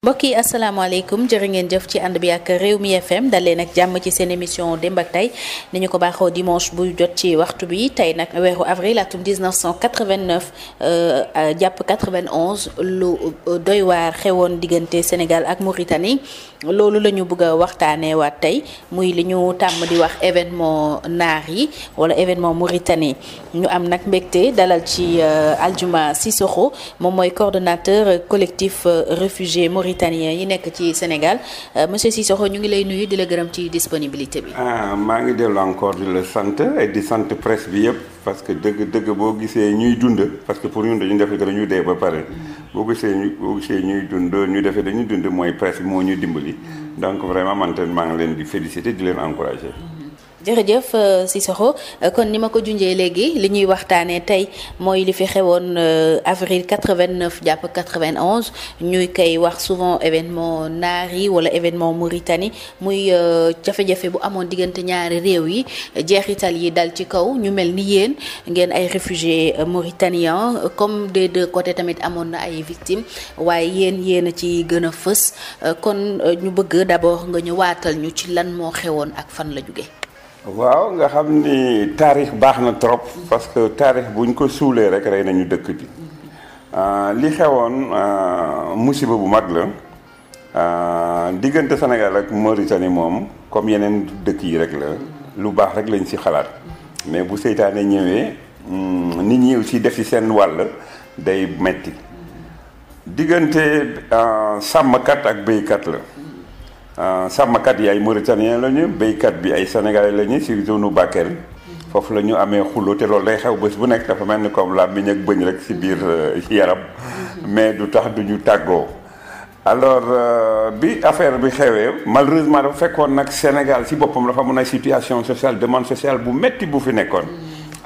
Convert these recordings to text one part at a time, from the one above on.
mbokk yi asalaamaaleykum jërë ngeen jëf ci ànd bi ak Rewmi FM dalee nag jàmm ci seen émission démb ak tey ni ñu ko baaxoo dimanche buy jot ci waxtu bi tey nag weeru avril atum 1989 euh, euh, jàpp 91 lu euh, doy xewoon diggante Sénégal ak Mauritanie loolu la ñu bëgg a waxtaanee waat tey muy li ñu tàmm di wax événement naar yi wala événement Mauritanie ñu am nag mbégte dalal ci Aldiouma Cissokho moom mooy coordonnateur collectif réfugié Mauritanie mauritaniens yi nekk ci Sénégal euh, monsieur Cissokho ñu ngi lay nuyu di la gërëm ci disponibilité bi. ah maa ngi dellu encore di la sant di sant presse bi yëpp parce que dëgg dëgg boo gisee ñuy dund parce que pour ñun dañu def dañu dee ba pare boo gisee ñu boo gisee ñuy dund ñu defee dañuy dund mooy presse bi moo ñu dimbali donc vraiment man maa ngi leen di féliciter di leen encourager. jërëjëf euh, Cissokho euh, kon ni ma ko junjee léegi li ñuy waxtaanee tey mooy li fi xewoon euh, avril 89 jàpp 91 ñuy kay wax souvent événement naar yi wala événement Mauritanie muy jafe-jafe bu amoon diggante ñaari réew yi jeexital yi dal ci kaw ñu mel ni yéen ngeen ay réfugiés mauritaniens comme des deux côtés tamit amoon na ay victimes waaye yéen yéen a ci gën a fës kon ñu bëgg d'abord nga ñëwaatal ñu ci lan moo xewoon ak fan la jóge waaw nga xam ni taarix baax na trop parce que taarix buñ ko suulee rek rey nañu dëkk bi ah, li xewoon ah, musiba bu mag la ah, diggante Sénégal ak Mauritanie moom comme yeneen dëkk yi rek la lu baax rek lañ ci xalaat mais bu seytaanee ñëwee hmm, nit ñi aussi def ci seen wàll day metti diggante sàmmkat ak béykat la Euh, sàmmkat yi ay mauritanien la ñu béykat bi ay sénégalais la ñu si zone Bakel foofu la ñu amee xuloo te loolu day xew bés bu nekk dafa mel ni comme la miñ ak bëñ rek si biir euh, yaram mais du tax du ñu tàggoo alors euh, bi affaire bi xewee malheureusement dafa fekkoon nag Sénégal si boppam dafa mën ay situation sociale demande sociale bu métti bu fi nekkoon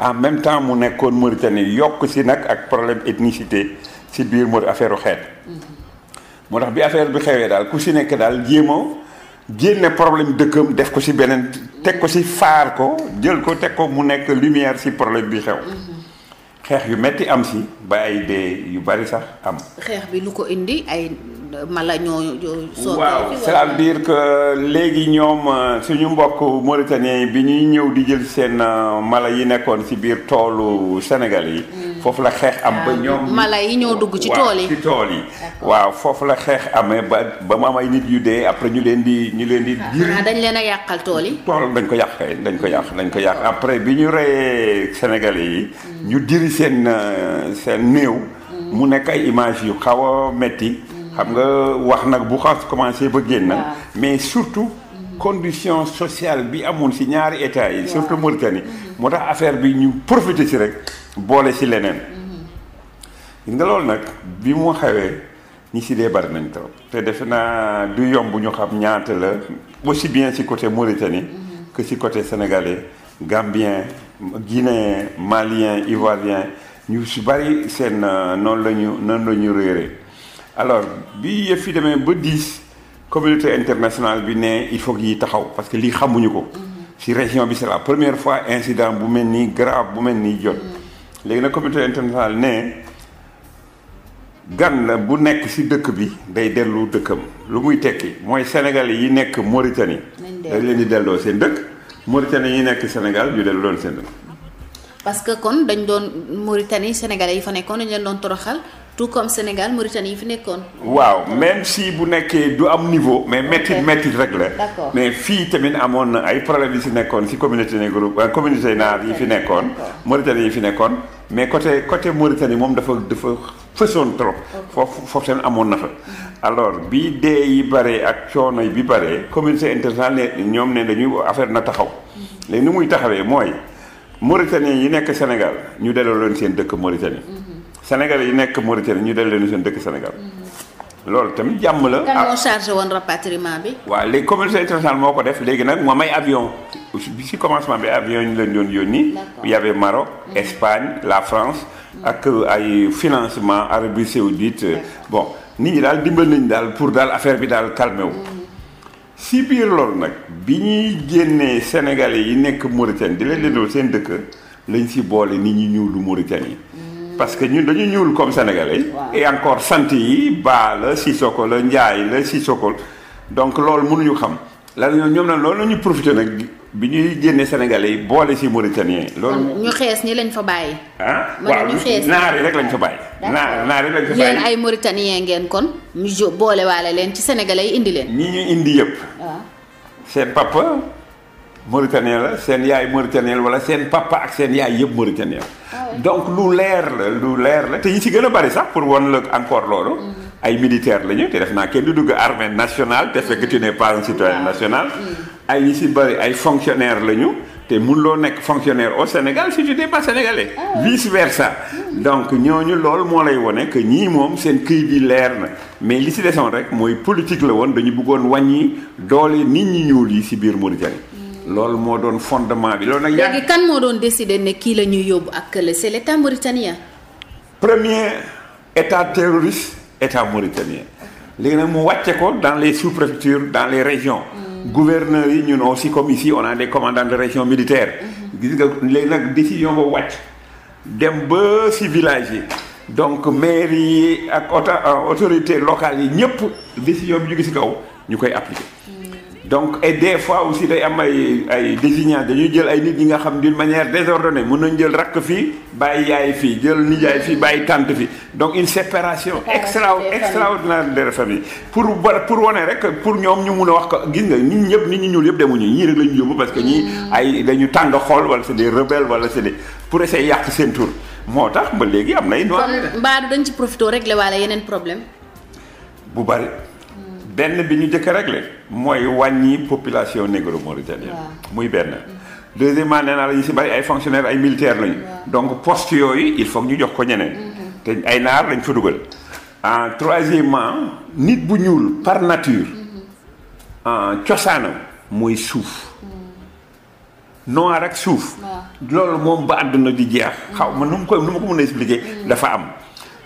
en même temps mu nekkoon Mauritanie yokk si nag ak problème ethnicité si biir mooy affaire xeet moo bi affaire bi xewee daal ku si nekk daal jéemoo génne problème dëkkam def ko ci beneen teg ko ci faar ko jël ko teg ko mu nekk lumière ci problème bi xew. xeex yu metti am si ba ay dee yu bari sax am. xeex bi lu ko indi ay mala ñoo. soo waaw c'est-à-dire que léegi ñoom euh, suñu mbokk mauritanien bi ñuy ñëw di jël seen euh, mala yi nekkoon ci biir toolu Sénégal yi. Mm. foofu la xeex am ba ah, ñoom. mala yi ñoo dugg ci tool yi ci tool yi. waaw foofu la xeex amee ba ba ma may nit yu dee après ñu leen di ñu leen di. diri ah, dañ leen a yàqal tool yi. tool dañ ko yàq dañ ko yàq dañ ko yàq après bi ñu reyee Sénégalais yi. Hmm. ñu diri seen euh, seen néew. Hmm. mu nekk ay image yu xaw a metti hmm. xam nga wax nag bu xas commencé ba génn. Ah. mais surtout. condition sociale bi amoon si ñaari état yi surtout Mauritanie mm-hmm. moo tax affaire bi ñu profité si rek boole si leneen mm-hmm. gis nga loolu nag bi mu xewee ñi si dee bari nañ trop te defe naa du yomb ñu xam ñaata la aussi bien si côté Mauritanie mm-hmm. que si côté sénégalais gambien guinéen malien ivoirien ñu si bari seen euh, noonu lañu ñu noonu la ñu réeree bi yëpp fi demee ba dix communauté internationale bi ne il faut yi taxaw parce que lii xamuñu ko. ci région bi c'est la première fois incident bu mel nii grave bu mel nii jot. léegi nag communauté internationale ne. gan la bu nekk ci dëkk bi day dellu dëkkam lu muy tekki mooy sénégalais yi nekk Mauritanie dañ leen di delloo seen dëkk Mauritanie yi nekk Sénégal ñu dellu loon seen dëkk parce que kon dañ doon Mauritanie sénégalais yi fa nekkoon dañ leen doon toroxal tout comme Sénégal Mauritanie yi fi nekkoon. waaw même si bu nekkee du am niveau. mais métti métti rek la. mais fii tamit amoon na ay problème yi si nekkoon si communauté ne groupe euh, communauté naar yi fi nekkoon. Mauritanie yi fi nekkoon. mais côté côté Mauritanie moom dafa dafa fësoon trop. foofu foofu seen amoon na fa. alors bi dee yi bare ak coono yi bi bare communauté internationale ne ñoom ne dañuy affaire na taxaw. Mhm. léegi ni muy taxawee mooy Mauritanie yi nekk Sénégal ñu delloo leen seen dëkk Mauritanie. Mhm. sénégal yi nekk Mauritanie ñu dellu leen seen dëkk Sénégal. Mm-hmm. loolu tamit jàmm la. kan ah. moo chargé woon rapatriement bi. waaw léegi moo ko def léegi nag moo may avion bi si commencement bi avion ñu leen doon yónni. d'accord y avait Maroc. Mm-hmm. Espagne la France. Mm-hmm. ak euh, ay financement Arabie Saoudite bon nit ñi daal dimbal nañ daal pour daal affaire bi daal calmé wu. si biir loolu nag bi ñuy génnee sénégalais yi nekk Mauritanie di leen delloo seen dëkk lañ si boole nit ñi ñuul lu Mauritanie yi parce que ñun dañuy ñuul comme sénégalais. encore sant yi Ba la Sissoko la Ndiaye la Sissoko donc loolu mënuñu xam lan ñoom ñoom nag loolu la ñu profité nag bi ñuy génne sénégalais yi boole si mauritanien loolu ñu xees ñi lañ fa bàyyi. ah naar yi rek lañ fa bàyyi. naar naar yi lañ fa bàyyi. yéen ay mauritanien ngeen kon ñu jo boolewaale leen ci sénégalais yi indi leen. ñi ñu indi yëpp. Ah. seen papa. mauritanien la seen yaay mauritanien wala seen papa ak seen yaay yëpp mauritanien ah donc lu leer la lu leer la te yi ci gën a bari sax pour wan la encore loolu mm-hmm. ay militaire la ñu te def naa kenn du dugg armée national te fekk tu n'es pas un citoyen ah, national ay yi ci bari ay fonctionnaire la ñu te mun loo nekk fonctionnaire au Sénégal si tu n'es pas sénégalais ah vice versa mm. donc ñooñu lool moo lay wone que ñii moom seen këyit bi leer na mais li ci desoon rek mooy politique la woon dañu bëggoon wàññi doole nit ñi ñuul yi ci biir Mauritanie loolu moo doon fondement bi loolu nag. yaa ngi kan moo doon décider ne kii la ñuy yóbbu ak kële c'est l'état mauritanien. premier état terroriste état mauritanien léegi nag mu wàcce ko dans les sous-préfectures dans les régions. Mm. gouverneurs yi ñu aussi comme ici on a des commandants de région militaire. Mm-hmm. gis nga léegi nag décision ba wàcc dem ba si village yi. donc mairie yi ak euh, autorité locale yi ñëpp décision bi ñu gis kaw ñu koy appliquer. donc et des fois aussi day am ay ay désignants dañuy jël ay nit ñi nga xam d'une manière désordonnée mun nañ jël rakk fii bàyyi yaay fii jël nijaay fii bàyyi tante fii donc une séparation extra extraordinaire des familles pour pour wane rek pour ñoom ñu mun a wax ko gis nga nit ñëpp nit ñi ñuul yëpp demuñu ñu rek la ñu parce que ñii hmm. ay dañu tàng xool wala c'est des rebelles wala c'est des pour essayer yàq seen tur moo tax ba léegi am na ay noir. kon Mbadou dañ ci profité rek la yeneen problème bu bari. benn bi ñu jëkk le mooy wàññi population négro mauritanienne muy benn mm-hmm. deuxièmement nee naa la si bari ay fonctionnaires ay militaires lañu donc post yooyu il faut ñu jox ko ñeneen mm-hmm. te ay naar lañ fa dugal ah troisièmement nit bu ñuul par nature mm-hmm. cosaanam mooy suuf noir rek suuf loolu moom ba àdduna di jeex xaw ma nu ko nu ma ko mën a expliquer dafa am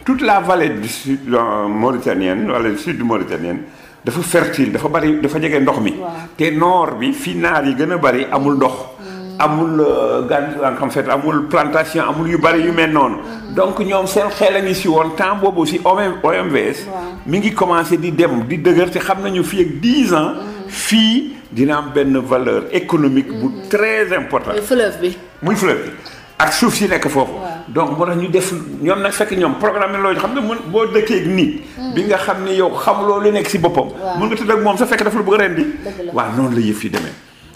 tout la vallée du sud euh, mauritanienne wala sud mauritanienne dafa fertile dafa bari dafa jege ndox mi. te noor bi fii naar yi gën a bari amul ndox. Hmm. amul euh, gan en amul plantation amul yu bari yu mel noonu. Hmm. donc ñoom seen xel a ngi si woon temps boobu si OMVS. mi ngi commencé di dem di dëgër te xam nañu fii ak 10 ans. Hmm. fii dina am benn valeur économique bu très important. muy fleuve bi muy fleuve bi ak suuf si nekk foofu. donc moo tax ñu def ñoom nag fekk ñoom programme loolu xam ne mën boo dëkkee nit. Hmm. bi nga xam ne yow xamuloo li nekk si boppam. mën nga tëdd ak moom sa fekk dafa la bëgg ren bi. waa noonu la yëf yi demee.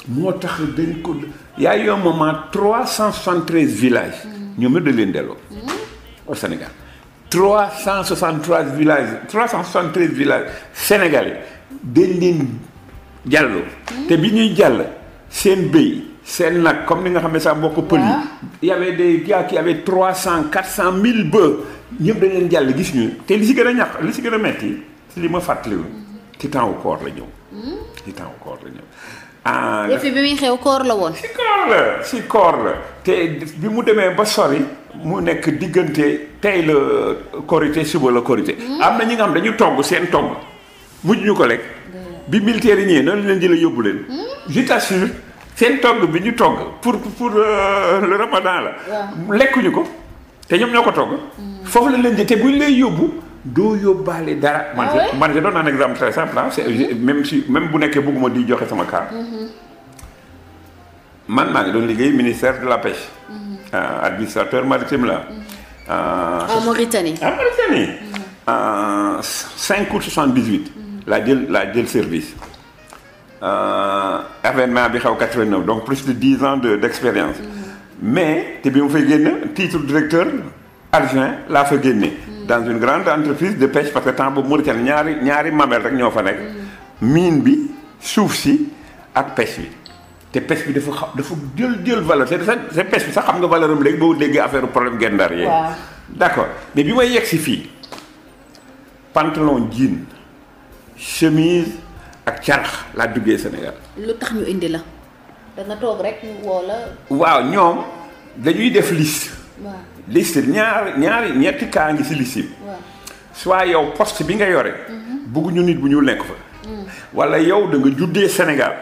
moo tax dañ ko yaa yo moment 373 villages. Hmm. ñoom it dañ leen cent hmm. au Sénégal 363 villages 373 villages sénégalais dañ leen jàlloo. te bi ñuy jàll seen béy. seen nag comme ni nga xam ne sax mbokk pël yi. y avait des gars qui avaient trois cent quatre cent mille ba ñëpp dañ leen jàll gis ñu te li si gën a ñàkk li si gën a metti li ma fàttaliwul ci temps wu koor la ñëw. ci hmm? temps wu koor la ah, bi muy xew koor la woon. si koor la si koor la te bi mu demee ba sori mu nekk diggante tey la korité suba la korité. Hmm? am na ñi nga xam dañu togg seen togg mujj ko lekk. Hmm. bi militaire yi ñëwee noonu leen jëlee yóbbu leen. je t'assure seen togg bi ñu togg pour pour euh, le ramadan la. lekkuñu ko te ñoom ñoo ko togg. Mm. foofu la leen di te buñ lay yóbbu doo yóbbaale dara. Ah man man je donne un exemple très simple ah. même si même bu nekkee bëgguma di joxe sama cas. Mm-hmm. man maa ngi doon liggéey ministère de la pêche. Mm-hmm. Ah, administrateur maritime la. Mm-hmm. Ah, en Mauritanie. en Mauritanie. en 5 août laa jël laa jël service. avènement euh, bi xew 89 donc plus de 10 ans de d' expérience. Mm-hmm. mais te bi mu fay génn titre directeur adjoint laa fa génnee. Mm-hmm. dans une grande entreprise de pêche parce que temps boobu Mauritanie ñaari ñaari mamel rek ñoo fa nekk. Mm-hmm. mine bi suuf si ak pêche bi. te pêche bi dafa xam dafa jël jël valeur te te pêche bi sax xam nga valeur am léegi boo déggee affaire problème gendar yee. d' accord mais bi may yegg si fii pantalon jean chemise. ak carax laa duggee Sénégal. lu tax ñu indi la. da nga toog rek ñu woo la. waaw ñoom dañuy def liste. waaw liste ñaar ñetti kaa ngi si liste bi. soit yow post bi nga yore. Mhm. bëgguñu nit bu ñu nekk fa. Mm. wala yow da nga juddee Sénégal.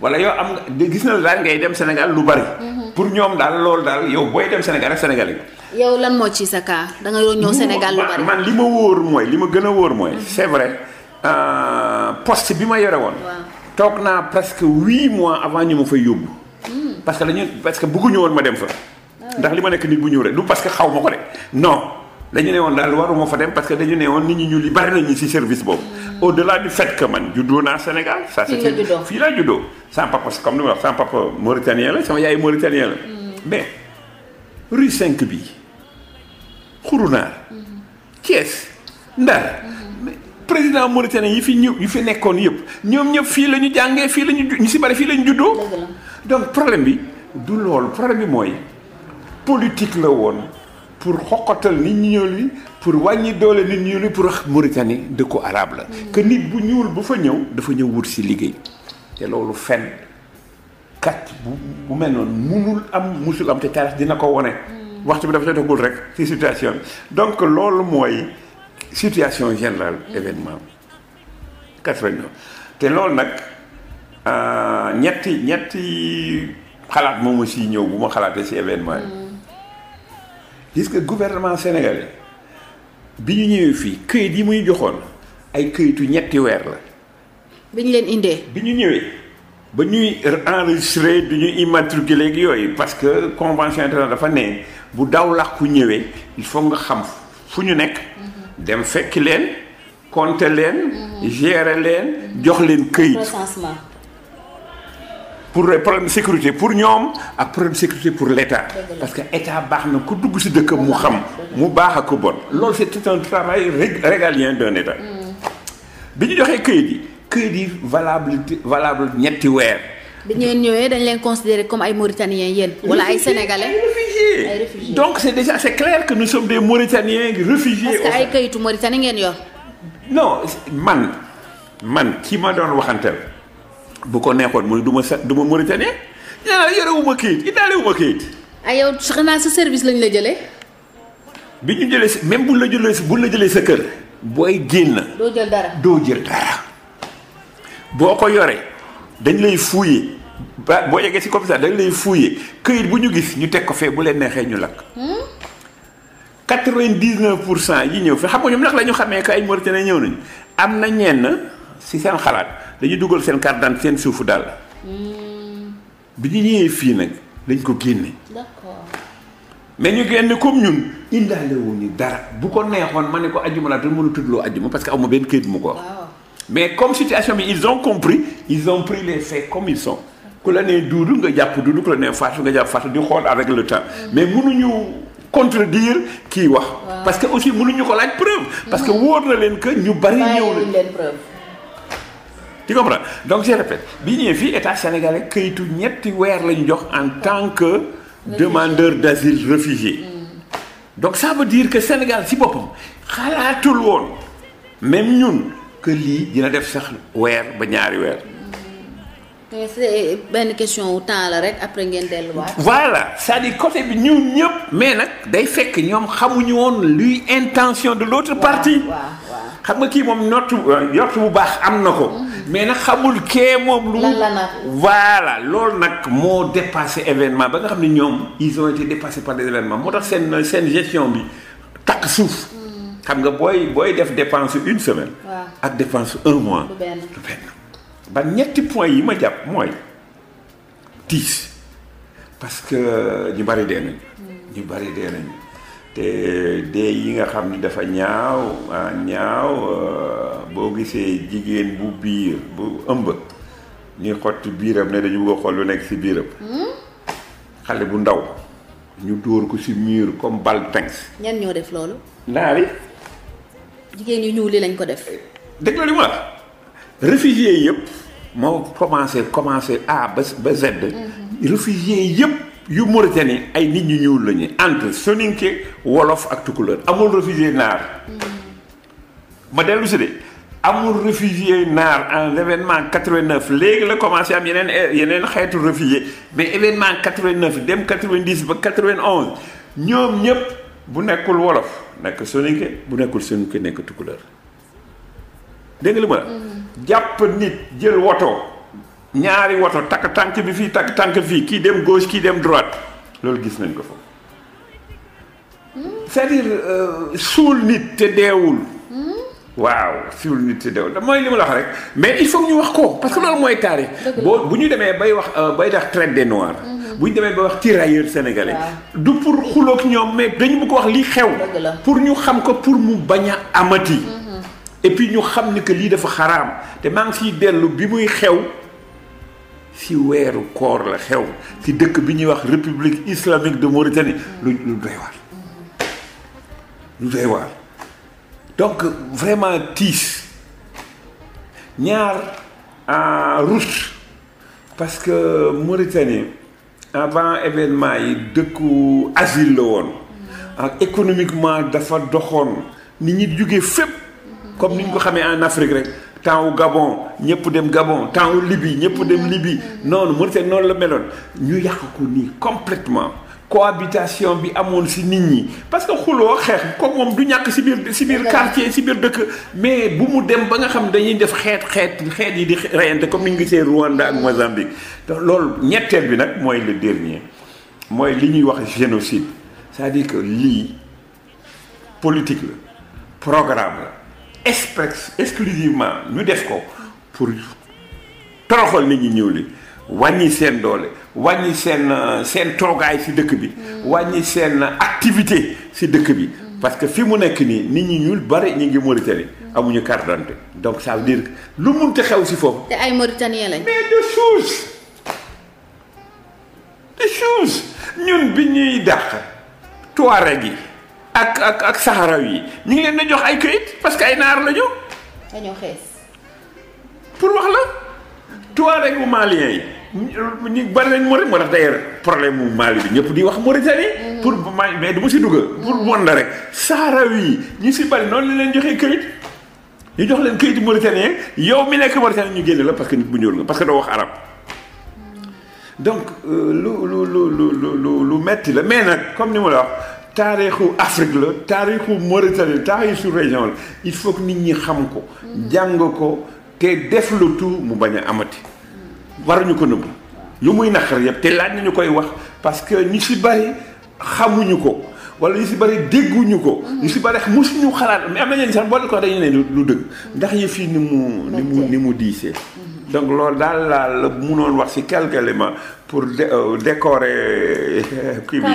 wala yow am nga gis na daal ngay dem Sénégal lu bari. Mhm. pour ñoom daal loolu daal yow booy dem Sénégal rek Sénégal yow lan moo ci sa kaa da nga ñëw Sénégal lu bari. man li ma wóor mooy li ma gën a wóor mooy mhm. c'est Euh, post bi ma yore woon. toog naa presque huit mois avant ñu ma fay yóbbu. Hmm. parce que dañu parce que bëgguñu woon ma dem fa. Ah. ndax li ma nekk nit bu ñëw rek du parce que xaw ma ko de no dañu ne woon daal waruma fa dem parce que dañu ne woon nit ñi ñu li bari nañu ci service boobu. Hmm. au delà du fait que man juddoo naa Sénégal. ça c'est fii laa juddoo. sama papa comme ni ma wax sama papa mauritanien la sama yaay mauritanien la. Hmm. mais rue cinq bi xurunaar Thiès Ndar. président mauritanien yi fi ñëw yu fi nekkoon yëpp ñoom ñëpp fii la ñu jàngee fii la ñu ñu si bari fii la ñu juddoo. donc problème bi du loolu problème bi mooy politique la woon pour xoqatal nit ñuul yi pour wàññi doole nit ñuul yi pour wax Mauritanie dëkku arabe la. Mm. que nit bu ñuul bu fa ñëw dafa ñëw wut si liggéey te loolu fen kat bu mel noonu munul am musul am te taarix dina ko wone mm. waxtu bi dafa jotagul rek ci situation donc loolu mooy. situation générale événement bi te loolu nag euh, ñetti ñetti xalaat moom aussi ñëw bu ma xalaatee ci événement yi mm. gis nga gouvernement sénégalais bi ñu ñëwee fii këyit yi muy joxoon ay këyitu ñetti weer la bi ñu leen indee bi ñu ñëwee ba ñuy enregistré du ñu immatriculé ak yooyu parce que convention internationale dafa ne bu daw làkku ñëwee il nga xam fu ñu nekk mm. dem fekk leen compter leen. gérer leen jox leen këyit. recensement. pour problème sécurité pour ñoom ak problème sécurité pour l' état. parce que état baax na ku dugg si dëkk dëkkam mu xam. mu baax ak ku bon loolu c' est un travail régalien d' un mm. bi ñu joxee këyit yi këyit yi valable valable ñetti weer. bi ngeen ñëwee dañ leen considérer comme ay Mauritaniens yéen. wala ay Sénégalais ay réfugiés donc c' est déjà c' est que nous sommes des Mauritaniens réfugiés. parce que ay kayitu Mauritanie ngeen yor. non man man ki ma doon waxanteel bu ko neexoon mu ne du ma sa du ma Mauritanien ñaanal yorewuma kayit itaalewuma kayit. ay ah, yow xanaa sa service lañ la jëlee. bi ñu jëlee si même bu la jëlee bu la jëlee sa kër. booy génn. doo jël dara doo boo ko yoree. dañ lay fouiller ba boo eggee ci commissaire dañ lay fouiller këyit bu ñu gis ñu teg ko fee bu leen neexee ñu lakk. 99 hmm? pour cent yi ñëw fi xam nga ñoom nag la ñu xamee que ay Mauritaniens ñëw nañu am na ñenn ci seen xalaat dañu dugal seen carte seen suufu daal. Hmm. bi ñu ñëwee fii nag dañ ko génne. d'accord mais ñu génne comme ñun indaale wuñu dara bu ko neexoon ma ne ko ajjuma laa te mënu tuddloo ajjuma parce que aw ma benn këyit mu ko mais comme situation bi ils ont compris ils ont pris les faits comme ils sont ku la nee duudu nga jàpp duudu ku la nee faatu nga jàpp faatu di xool avec le temps mais mënuñu contredire kii wax. parce que aussi mënuñu ko laaj preuve. parce que wóor na leen que ñu bari. ñëw leen preuve. tu comprends donc je répète bi ñëwee fii état sénégalais këyitu ñetti weer lañu jox en tant que demandeur d'asile réfugié. Mm. donc ça veut dire que Sénégal ci boppam xalaatul woon même ñun. que lii dina def sax weer ba ñaari weer. benn question wu temps rek après ngeen delluwaat. voilà c'est-à-dire côté bi ñun ñëpp. mais nag day fekk ñoom xamuñu woon luy intention de l'autre partie. xam nga kii moom nott yott bu baax am na ko. Mm-hmm. mais nag xamul kee moom. lu voilà loolu nag moo dépassé événement ba nga xam ne ñoom ils ont été dépassés par des événements moo tax seen seen gestion bi takk suuf. xam nga booy booy def dépense une semaine. ak dépense un mois. du benn ba ñetti point yi ma jàpp mooy tiis parce que ñu bari dee nañu. Hmm. ñu bari dee nañu te dee yi nga xam ni dafa ñaaw ah, ñaaw euh, boo gisee jigéen bu biir bu ëmb ñuy xott biiram ne dañu bëgg a xool lu nekk ci biiram. Hmm? xale bu ndaw. ñu dóor ko si miir comme baltings. ñan ñoo def loolu. naari jigéen yu ñuul li lañ ko def. dégg nga li mu wax réfugié yëpp moo commencé commencé A ba ba Z. Mm-hmm. réfugié yëpp yu Mauritanie ay nit ñu ñuul lañu entre soninke wolof ak tukulóor amul réfugié naar. Mm-hmm. ma dellu si de amul réfugié naar en événement 89 léegi la commencé am yeneen yeneen xeetu réfugié mais événement 89 dem 90 ba 91 ñoom ñëpp. bu nekkul wolof nekk soninke bu nekkul soninke nekk tukulóor dégg li ma mm-hmm. jàpp nit jël woto ñaari woto takk tànk bi fii takk tànk fii kii dem gauche kii dem droite loolu gis nañ ko fa mm-hmm. cest euh, suul nit te deewul waaw siwul nit si dew mooy li ma la rek mais il faut ñu wax ko parce que loolu mooy taarix boo bu ñu demee bay wax euh, bay tax traite des mhm. bu ñu demee bay wax tirailleurs sénégalais du pour xuloog ñoom mais dañu mu ko wax li xew pour ñu xam ko pour mu bañ a amati mhm. et puis ñu xam ni que lii dafa xaraam te maa ngi siy dellu bi muy xew si weeru koor la xew ci dëkk bi ñuy wax république islamique de Mauritanie mhm. lu lu doy waar lu doy waar donc vraiment tiis ñaar en route parce que Mauritanie avant événement yi dëkku asile la woon ak économiquement dafa doxoon ni ñi jugee fépp comme ni ñu ko xamee en Afrique rek temps Gabon ñëpp dem Gabon temps wu Libye ñëpp dem Libye mm-hmm. noonu Mauritanie noonu la meloon ñu yàq ko nii complètement cohabitation bi amoon si nit ñi parce que xuloo xeex ko moom du ñàkk si biir si biir quartier si biir dëkk mais bu mu dem ba nga xam dañuy def xeet xeet xeet yi di reyante comme ni nga gisee Rwanda ak Mozambique te loolu ñetteel bi nag mooy le dernier mooy li ñuy wax génocide c'est-à-dire que lii politique la programme la exprès exclusivement ñu def ko pour toroxal nit ñi ñëw li wàññi seen doole wàññi seen euh, seen toogaay si dëkk bi mm. wàññi seen activité si dëkk bi mm. parce que fi mu nekk nii nit ñi ñuul bari ñu ngi Mauritanie mm. amuñu carte d'identité donc ça veut dire lu munte xew si foofu. te ay Mauritaniens lañ. mais bi ñuy dàq Touareg yi ak ak ak Saharaw yi ñu ngi leen jox ay këyit parce que ay naar la ñu. dañoo xees. pour wax la Touaregu malien yi. ñu bari nañ Mauritanie moo tax d'ailleurs problème mu Mali bi ñëpp di wax Mauritanie. Mm-hmm. pour ma mais du ma si dugg. pour bon mm-hmm. la rek Sahrawi ñu si bari noonu la leen joxee këyit. ñu jox leen këyitu mauritanien yow mi nekk mauritanien ñu génne la parce que nit bu ñuul nga parce que doo wax arab mm-hmm. donc euh, lu lu lu lu lu metti la mais nag comme ni ma la wax taarixu Afrique la taarixu Mauritanie taarixu région la il faut nit ñi xam ko. jàng ko te def lu tout mu bañ a amati. waruñu ko nëbb lu muy naqar yëpp te laaj nañu koy wax parce que ñu si bari xamuñu ko wala ñu si bari dégguñu ko. ñu si bari mosuñu xalaat mais am na ñenn sax ko dañu ne lu dëgg. ndax yëf yi ni mu ni mu ni mu diisee. donc loolu daal laa la munoon wax ci quelques éléments pour euh, décorer euh, kii bi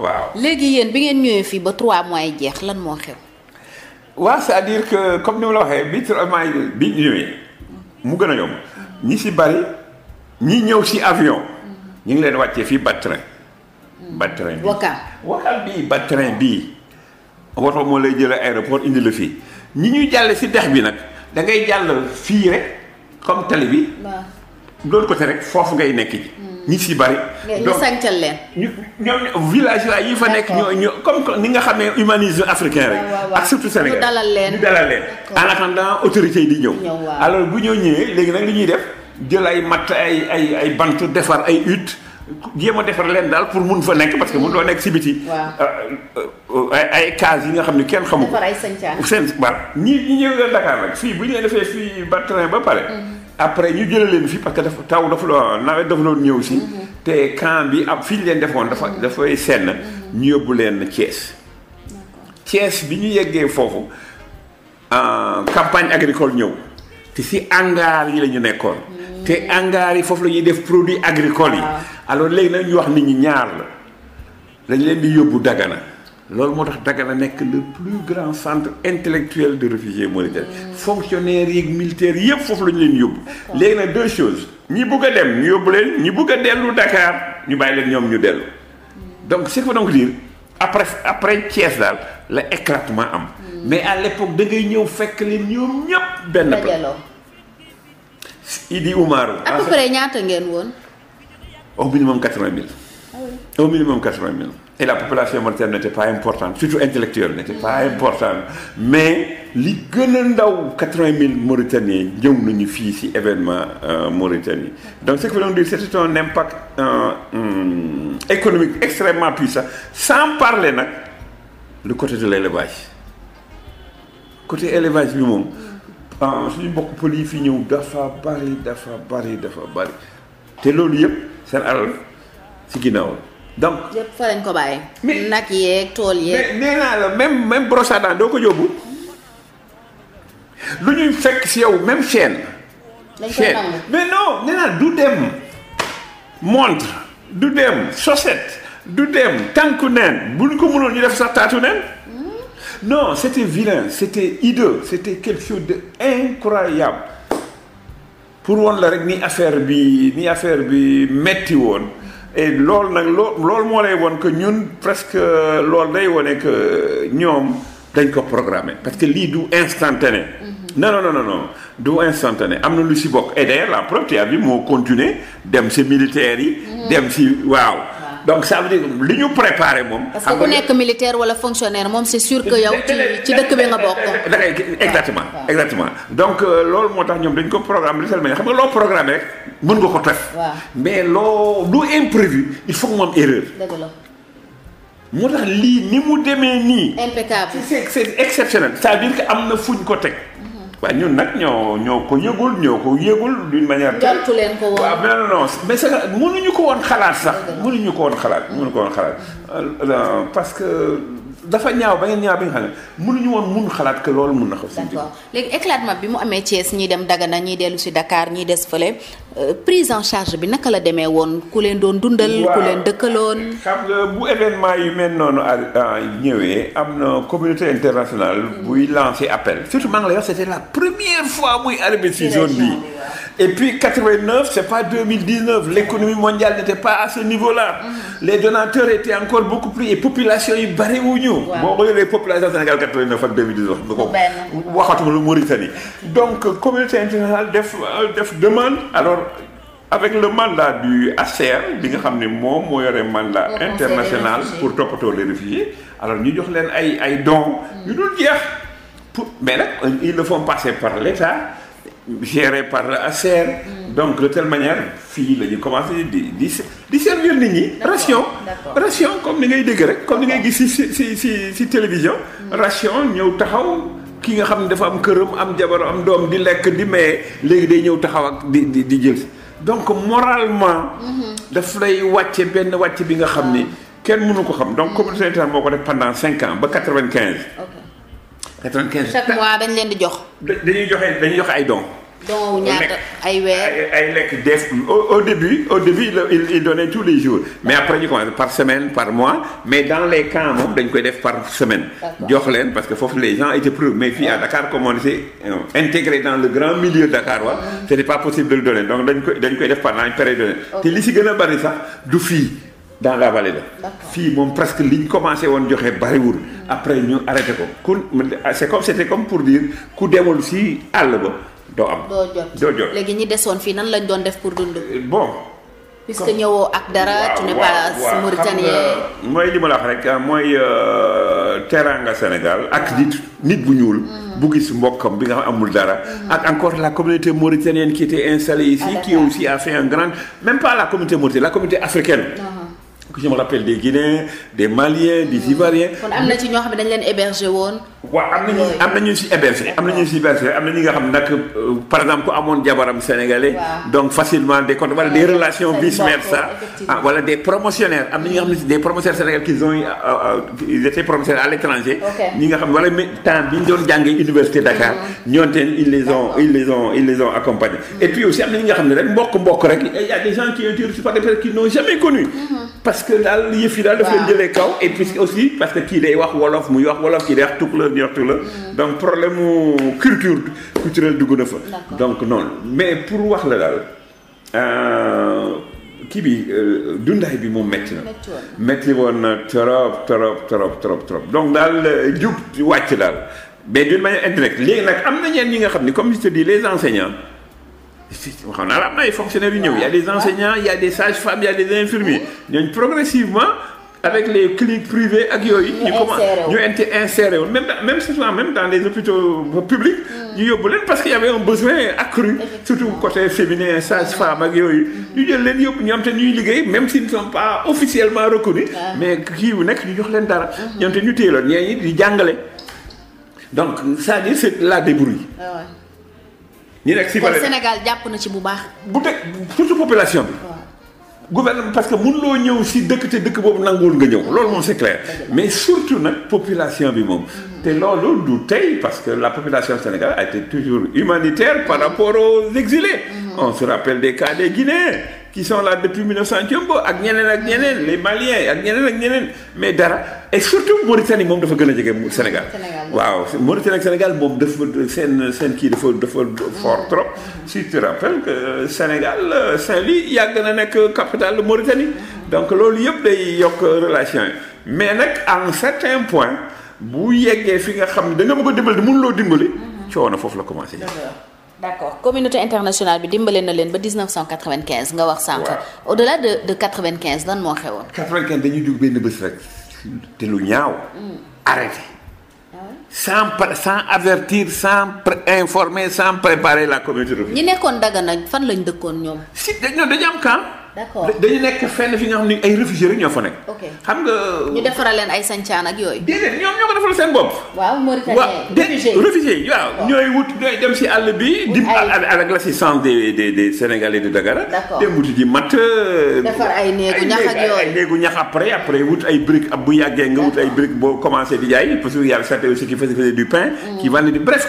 waaw. léegi yéen bi ngeen ñëwee fii ba trois mois jeex lan moo xew. waaw cest à que comme ni ma la waxee bi trois mois bi ñëwee mu gën a yomb ñi ci bari. ñi ñëw si avion. ñu ngi leen wàccee fii Batrin. Hmm. Batrin bi Wakam. Wakam bii Batrin bii woto moo lay jëlee aéroport indi la fii ñi ñuy jàll si dex bi nag da ngay jàll fii rek comme tali bi. loolu côté rek foofu ngay nekk ji. Hmm. ñi si bari. ñu sàncal leen. ñu ñoom village la yi fa nekk. ñoo ñoo comme ni nga xamee humanisme africain rek. ak surtout Sénégal ñu dalal leen. en attendant autorité yi di ñëw. alors bu ñoo ñëwee léegi nag li ñuy def. jël ay matt ay ay ay bant defar ay hutte jéem a defar leen daal pour mun fa nekk parce que mun loo nekk si biti. Euh, euh, ay ay yi nga xam ne kenn xamu ko. defar ay sàncaan seen waaw ñii ñi ñëw nag fii bu ñu defee fii Batrin ba pare. Mhm. après ñu jëlee leen fii parce que dafa taw dafa la nawet dafa doon ñëw si. Mhm. te camp bi ab fii ñu leen defoon dafa mhm. dafay senn. ñu yóbbu leen Thiès. Thiès bi ñu yeggee foofu campagne agricole ñëw. te si angaar yi la ñu nekkoon. te angaar yi foofu la ñuy def produits agricole yi. alors léegi nag ñu wax nit ñi ñaar la dañ leen di yóbbu Dagana. loolu moo tax Dagana nekk le plus grand centre intellectuel de réfugiés mauritaniens mm. fonctionnaires yeeg militaires yëpp foofu la ñu leen yóbbu. léegi nag deux choses ñi bugg dem ñu yóbbu leen ñi bugg a dellu dakaar ñu bàyyi leen ñoom ñu dellu. Mm. donc ce qui veut donc dire après après Thiès daal la éclatement am. Mm. mais à l'époque da ngay ñëw fekk leen ñoom ñëpp benn dajaloo Idi Umaru à peu près ñaata ngeen woon au minimum quatre-vingt mille ah au minimum quatre-vingt mille et la population monétaire n'était pas importante surtout intellectuelle n'était pas mm. importante mais li gën a ndaw quatre-vingt mille Mauritaniens ñëw nañu fii ci événement euh, Mauritanie donc ce que l'on dit c'était un impact euh, économique extrêmement puissant sans parler nag lu côté de l'élevage côté élevage bi moom ah, suñu mbokk pël yi fi ñëw dafa bari dafa bari dafa bari te loolu yëpp seen alal si ginnaaw la donc. yëpp fa lañ ko bàyyi. mais nag yeeg tool yeeg. nee naa la même même brosse à doo ko yóbbu lu ñuy fekk si yow même chaîne. dañ koy mais non nee du dem montre du dem chaussette du dem tànku neen bu ñu ko mënoon ñu def sax taatu neen. Non, c'était vilain, c'était hideux, c'était quelque chose d'incroyable. pour woon la rek ni affaire bi ni affaire bi metti woon et loolu nag loo loolu moo lay woon que ñun presque euh, loolu day wone que ñoom dañ ko programmé parce que lii du instantané. Mhm. non non non non du instantané am na lu si bokk et d'ailleurs la preuve tu as moo continuer dem si militaire yi. Mhm. dem si waaw. donc ça veut li ñu préparé moom. parce que ku nekk militaire wala fonctionnaire moom c'est sûr que yow. ci ci dëkk bi nga bokk. da exactement exactement donc euh, loolu moo tax ñoom dañ ko programme li seulement xam nga loo programme rek mën nga ko def. mais loo lu imprévu il faut que mu am erreur. dëgg la. moo tax lii ni mu demee nii. impeccable c'est exceptionnel. c'est-à-dire am na fu ñu ko teg. waaw ñun nag ñoo ñoo ko yëgul ñoo ko yëgul d'une manière. jottu leen ko woon waaw ah, non non mais c'est que ko woon xalaat sax. mënuñu ko woon xalaat mënuñu ko woon xalaat euh, parce que. dafa ñaaw ba ngeen ñaaw bi nga xam ne mënuñu woon mun xalaat que loolu mun na xaw si. d'accord léegi éclatement bi mu amee Thiès ñii dem Dagana ñii dellu si Dakar ñii des fële euh, prise en charge bi naka la demee woon ku leen doon dundal. ku leen dëkkaloon. xam nga bu événement yu mel noonu à ñëwee am na communauté internationale. Mm. buy lancé appel. surtout maa ngi lay wax c'était la première fois muy arrivé si zone bi et puis 89 c'est pas 2019 l'économie mondiale n'était pas à ce niveau-là. Mm. les donateurs étaient encore surtout boo xoolee population Sénégal 89 ak 2019 du ko waxatuma lu Mauritanie donc communauté internationale def def demande alors avec le mandat du HCR bi nga xam ne moom moo yore mandat international pour toppatoo les réfugiés alors ñu jox leen ay ay dons yu dul jeex pour mais nag ils le font passer par l'État géré par la ASER. Mm. donc de telle fii la ñu commencé di di di servir nit ñi. ration ration comme ni ngay dégg rek comme ni ngay gis si si si si télévision. Mm. ration ñëw taxaw ki nga xam ne dafa am këram am jabar am doom di lekk di maye léegi day ñëw taxaw ak di di di jël donc moralement. Mm-hmm. daf lay wàcce benn wàcce bi nga xam ni. Ah. kenn munu ko xam donc mm-hmm. communauté internationale moo ko def pendant cinq ans ba quatre-vingt-quinze. 95 chaque mois dañ leen di jox. dañuy joxe dañuy joxe ay dons. dons ñaata ay weer ay lekk def au début au début il il tous les jours mais après ñu commencé par semaine par mois mais dans les camps moom dañ koy def par semaine. jox leen parce que foofu les gens étaient pauvres mais fii à Dakar comme on était euh, intégré dans le grand milieu dakarois mm. c'était pas possible de donc dañ koy dañ koy def pendant une période donnée. te li si gën a bari sax du fii. dans la vallée la. fii moom presque li ñu commencé woon joxe bariwul. après ñu arrêté ko ku ah, c'est comme comme pour dire ku demul si àll ba doo am. doo jot doo jot léegi ñi desoon fii nan lañ doon def pour dund. Eh, bon. puisque ñëwoo ak dara. tu n'es pas mauritanien mooy li ma la wax rek ah, mooy euh, teraanga Sénégal ak nit nit bu ñuul. Mm-hmm. bu gis mbokkam bi nga xam amul dara. Mm-hmm. ak encore la communauté mauritanienne qui était installée ici. Ah, qui aussi a fait un grand même pas la communauté mauritienne la communauté africaine. Uh-huh. que je rappelle des Guinéens des Maliens des Ivoiriens. kon am na ci ñoo xam ne dañ leen héberger woon. waaw am nañu am nañu si héberger am nañu si héberger na ñi nga xam nag euh, par exemple ku amoon jabaram sénégalais. donc facilement des comptes wala des relations vice versa. ah wala des promotionnaires am na ñi nga xam ne des promotionnaires sénégalais qui ont euh, euh, bi ñu doon jàngee mm-hmm. am na ñi nga xam ne rek mbokk mbokk rek a des gens qui ont été reçus par des personnes qui n'ont jamais connu. Mm-hmm. que daal yëf yi daal daf jëlee kaw. et aussi parce que kii day wax wolof muy wax wolof kii day wax tukulóor ñuy wax mm. donc problème mu culture culturelle dugg na donc noonu mais pour wax la daal euh, kii bi euh, dundaay bi moom metti na. métti woon na trop trop trop trop trop donc daal euh, jub wàcc daal mais d'une manière indirecte léegi nag am na ñenn ñi nga xam ni comme je te les enseignants. waxoon naa la am na ay fonctionnaires yu ñëw il y a des enseignants il a des sages-femmes il a des infirmiers ñooñu progressivement avec les cliniques privées ak yooyu. ñu commencé ñu inséré woon même même surtout même dans les hôpitaux publics. Mm. ñu yóbbu leen parce que y avait un besoin accru. surtout côté féminin sage-femme ak yooyu. ñu jël leen yóbbu ñoom te ñuy liggéey même s'ils ne sont pas officiellement reconnus. mais kii bu nekk ñu jox leen dara. Mm-hmm. ñoom te ñu téyeloon ñee ñi di jàngale. donc cest à la ñi nekk si bële Sénégal jàpp na ci bu baax. bu dee surtout population bi. gouvernement parce que mënuloo ñëw si dëkk te dëkk boobu nanguwul nga ñëw loolu moom si clair mais surtout nag population bi moom. Mm. te loolu du tey parce que la population sénégalaise a été toujours humanitaire par rapport aux exilés. Mm. on se rappelle des cas des Guinéens. qui sont là depuis 1900 ak ñeneen ak ñeneen les Maliens ak ñeneen ak ñeneen mais dara et surtout Mauritanie moom dafa gën a jege Sénégal. waaw Mauritanie ak Sénégal moom dafa seen seen kii dafa dafa fort trop. si tu rappelles que Sénégal Saint-Louis yàgg na nekk capitale Mauritanie. donc loolu yëpp day yokk relation yi mais nag en un certain point bu yeggee fi nga xam ne da nga bëgg a dimbali loo dimbali. Mhm. coono foofu la commencé. d'accord communauté internationale bi dimbale na leen ba 1995 nga wax sànq. au delà de de 95 lan moo xewoon. 95 dañuy jug benn bés rek te lu ñaaw. Hmm. arrêté. Ah sans sans avertir sans informer sans préparer la communauté. ñi nekkoon Dagana fan lañ dëkkoon ñoom. si dañu am camp. d'accord dañu nekk fenn fi nga xam ne ay réfugiés rek ñoo fa nekk. xam nga. ñu defara leen ay sancaan ak yooyu. déedéet ñoom ñoo seen bopp. waaw Mauritanie ñooy wut dem si àll bi. di avec l'assistance des des des Sénégalais de Dagara. d'accord dem wuti di mat. Euh, defar ay néegu ñax ak ñax après après wut ay briques ab bu yàggee nga wut ay boo commencé di jaay parce que y a certains aussi qui faisaient du pain. Mm. qui vendent du bref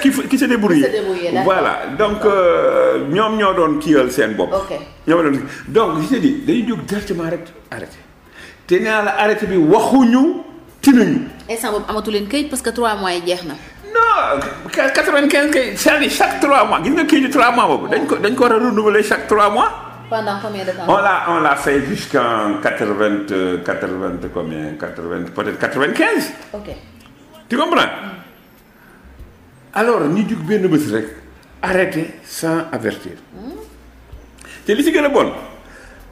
voilà donc euh, ñoom ñoo doon kiiwal seen bopp. yow la donc je te dis dañuy jóg directement rek arrêté te nee naa la arrêté bi waxuñu tinuñu. instant boobu amatu leen këyit parce que 3 mois yi jeex na. non 95 këyit c'est-à-dire chaque 3 mois gis nga këyitu 3 mois boobu. dañ ko dañ ko war a renouveler chaque 3 mois. pendant combien de temps. on l'a on l'a fait jusqu'en 80 80 combien 80 peut-être 95. ok tu comprends. Mm. alors ñu jug benn bés rek arrété sans avertir. Mm. te li ci gën a bon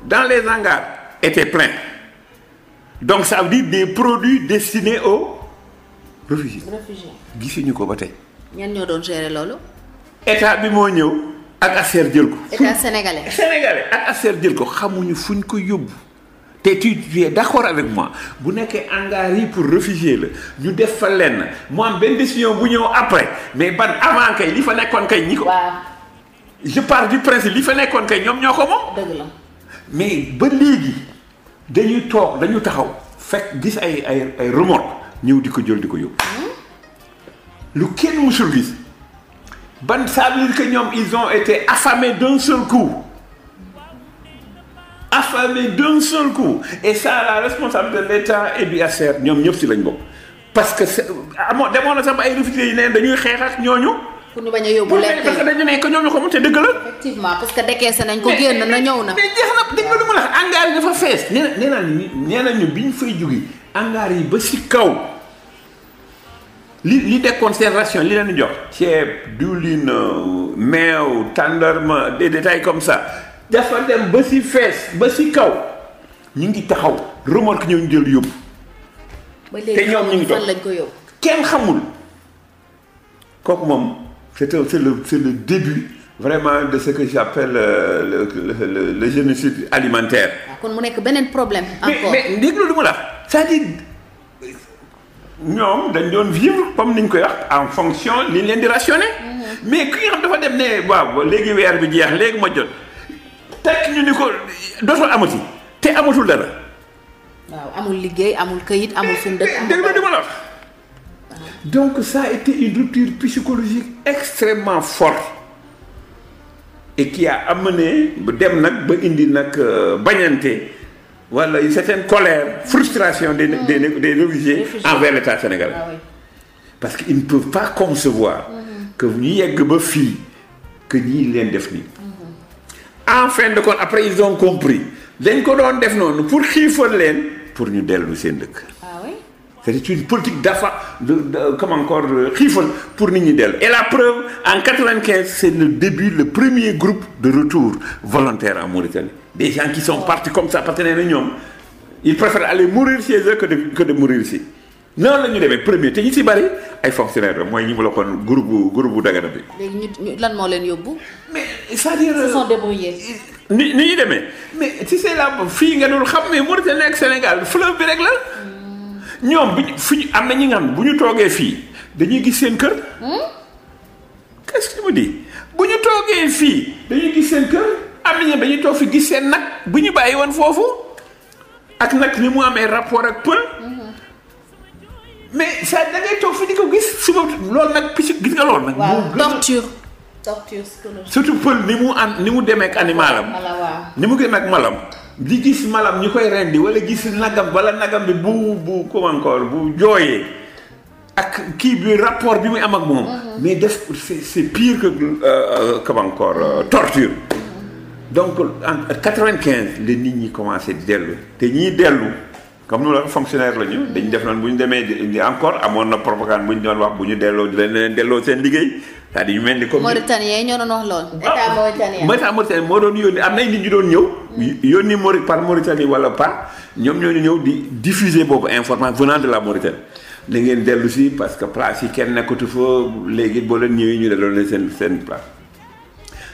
dans les hangars étaient pleins donc ça veut dire des produits destinés aux réfugiés. gisuñu ko ba tey. ñan ñoo doon gérer loolu. état bi moo ñëw ak ASER jël ko. état sénégalais. sénégalais ak ASER jël ko xamuñu fuñ ko yóbbu. te tu tu es d'accord avec moi bu nekkee hangar yi pour réfugié la ñu def fa lenn mu am benn décision bu ñëw après mais ban avant kay li fa nekkoon kay ñi ko. je pars du principe li fa nekkoon kay ñoom ñoo ko moom. dëgg la mais ba léegi dañuy toog dañu taxaw fekk gis ay ay ay ñëw di ko jël di ko yóbbu. Hmm? lu kenn musul gis ban ça veut que ñoom ils ont été affamés d'un seul coup affamés d'un seul coup et ça la responsabilité de l'État et du HCR ñoom ñëpp si lañ bokk parce que amoo demoon na sax ba ay réfugiés yi neen dañuy xeex ak ñooñu. pour ñu bañ a yóbbu lekk parce que dañu ne que ñoom ñu ko moom te dëgg la. effectivement ko génn na ñëw na. mais jeex na dégg nga lu ma na nee naa fay jógee angaar yi ba si kaw li li dekkoon seen ration li leen di jox. ceeb diwlin meew tàndarma des détails comme ça dafa dem ba si fees ba si kaw ñu ngi taxaw remorque ñëw ñu jël yóbbu. te ñoom ñu ngi dox lañ ko yóbbu. kenn xamul kooku moom. c'est le, le début vraiment de ce que j'appelle euh, le, le, le, génocide alimentaire. Ah, kon mu nekk beneen problème. encore mais mais déglu lu ma la cest à ñoom dañ doon vivre comme ni ñu koy wax en fonction li leen di rationner. Mhm. mais ki nga dafa dem ne waaw léegi weer bi jeex léegi ma jot tekk ñu ni ko dootul amati te amatul dara. waaw amul liggéey amul këyit amul suñu dëkk. déglu lu ma la Donc ça a été une rupture psychologique extrêmement forte et qui a amené ba dem nag ba indi nag euh, bañante wala une certaine colère frustration des mm. des des réfugiés envers l'État sénégalais ah parce qu'ils ne peuvent pas concevoir mm-hmm. que ñu yegg ba fii que ñii leen def nii mm-hmm. en fin de compte après ils ont compris dañ ko doon def noonu pour xiifal leen pour ñu dellu seen dëkk c'est une politique dafa de, de comme encore euh, xiifal pour nit ñi dellu et la preuve en 95 c'est le début le premier groupe de retour volontaire en Mauritanie des gens qui sont partis comme ça parce que nee ñoom ils préfèrent aller mourir chez eux que de mourir ici noonu la ñu demee premier te ñu si bari ay fonctionnaires la mooy ñi o la kon groupe bu groupe Dagana bi. léegi ñu moo leen yóbbu. mais cest à euh, ni ni ñu demee mais si c'est là fii nga dul xam mais Mauritanie ak Sénégal fleuve bi rek la. ñoom bu ñu fi ñu am na ñi nga xam ne bu ñu toogee fii dañuy gis seen kër. Hmm? qu'est-ce que bu ñu toogee fii dañuy gis seen kër am na ñoom dañuy toog fi gis seen nag bu ñu bàyyi woon foofu ak nag ni mu amee rapport ak pël. Hmm. mais saa da toog fi di ko gis suba lool nag picc gis nga loolu nag. mu torture torture surtout pël ni mu am ni mu demee ak animalam. ni mu gën ak malam. di gis malam ñu koy rendi wala gis nagam wala nagam bi bu bu comme encore bu jooyee ak kii bi rapport bi muy am ak moom. Mhm. mais def c'est c'est pire que euh, euh, comme encore euh, torture. donc en 95 la nit ñi commencé dellu te ñiy dellu comme nu la fonctionnaire la ñu dañu def noonu bu demee demee encore amoon na propagande bu ñu doon wax bu ñu delloo di leen delloo seen liggéey. cest à yu mel ni comme. Mauritanie ñoo doon wax lool. Ah. état Mauritanie état moo doon yónni am na nit ñu doon ñëw. Mm. yónni Maurit par Mauritanie wala par ñoom ñoo ñëw di diffuser boobu information venant de la Mauritanie. da ngeen dellu si parce que place yi kenn nekkatu foo léegi boo leen ñëwee ñu ne loolu seen seen place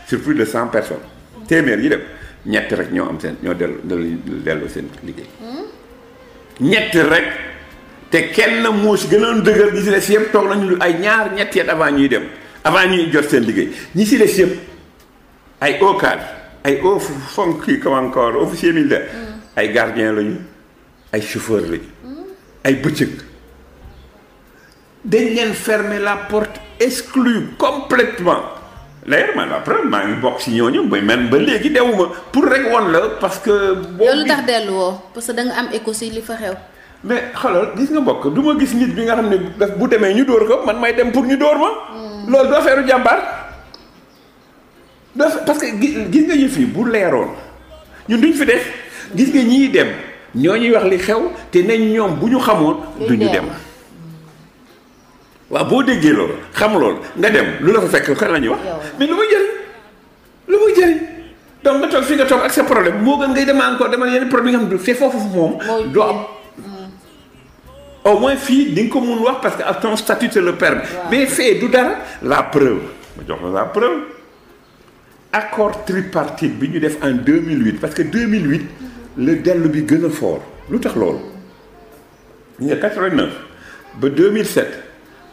sur plus de cent personnes. Mm. téeméer yi dem ñett rek ñoo am seen ñoo dellu dellu seen liggéey. Mm. ñett rek te kenn moo si gënoon dëgër gi si ne si yëpp toog nañu ay ñaar ñett avant ñuy dem. avant ñuy jot seen liggéey ñi si des yëpp ay hauts cadres ay hauts fonk kii comme encore officier militaire mm. ay gardien lañu ay chauffeur lañu mm. ay bëccëg dañ leen la porte exclue complètement d'ailleurs man après maa ngi bokk si ñooñu mooy man ba léegi dewuma pour rek won la parce que boo loolu tax dellu woo parce que da nga am écho li fa xew mais xoolal gis nga bokk du ma gis nit bi nga xam ne bu demee ñu dóor ko man may dem pour ñu dóor ma mm. loolu du affaire jàmbaar du parce que gis nga yëf yi bu leeroon ñun duñ fi def gis nga ñiy dem ñoo ñuy wax li xew te nañ ñoom bu ñu xamoon duñu dem waaw boo déggee loolu xam loolu nga dem lu la fa fekk kan la ñuy wax mais lu muy jëriñ lu muy jëriñ donc nga toog fi nga toog ak sa problème moo gën ngay dem encore demal yenn problème yi nga xam du fee foofu moom doo am au moins fii di nga ko mun wax parce que ton statut te le permet mais fee du dara la preuve ma jox la la preuve accord tripartite bi ñu def en mille 2008 parce que 2008 mm-hmm. le dellu bi gën a fort lu tax loolu ñu ne 89 ba 2007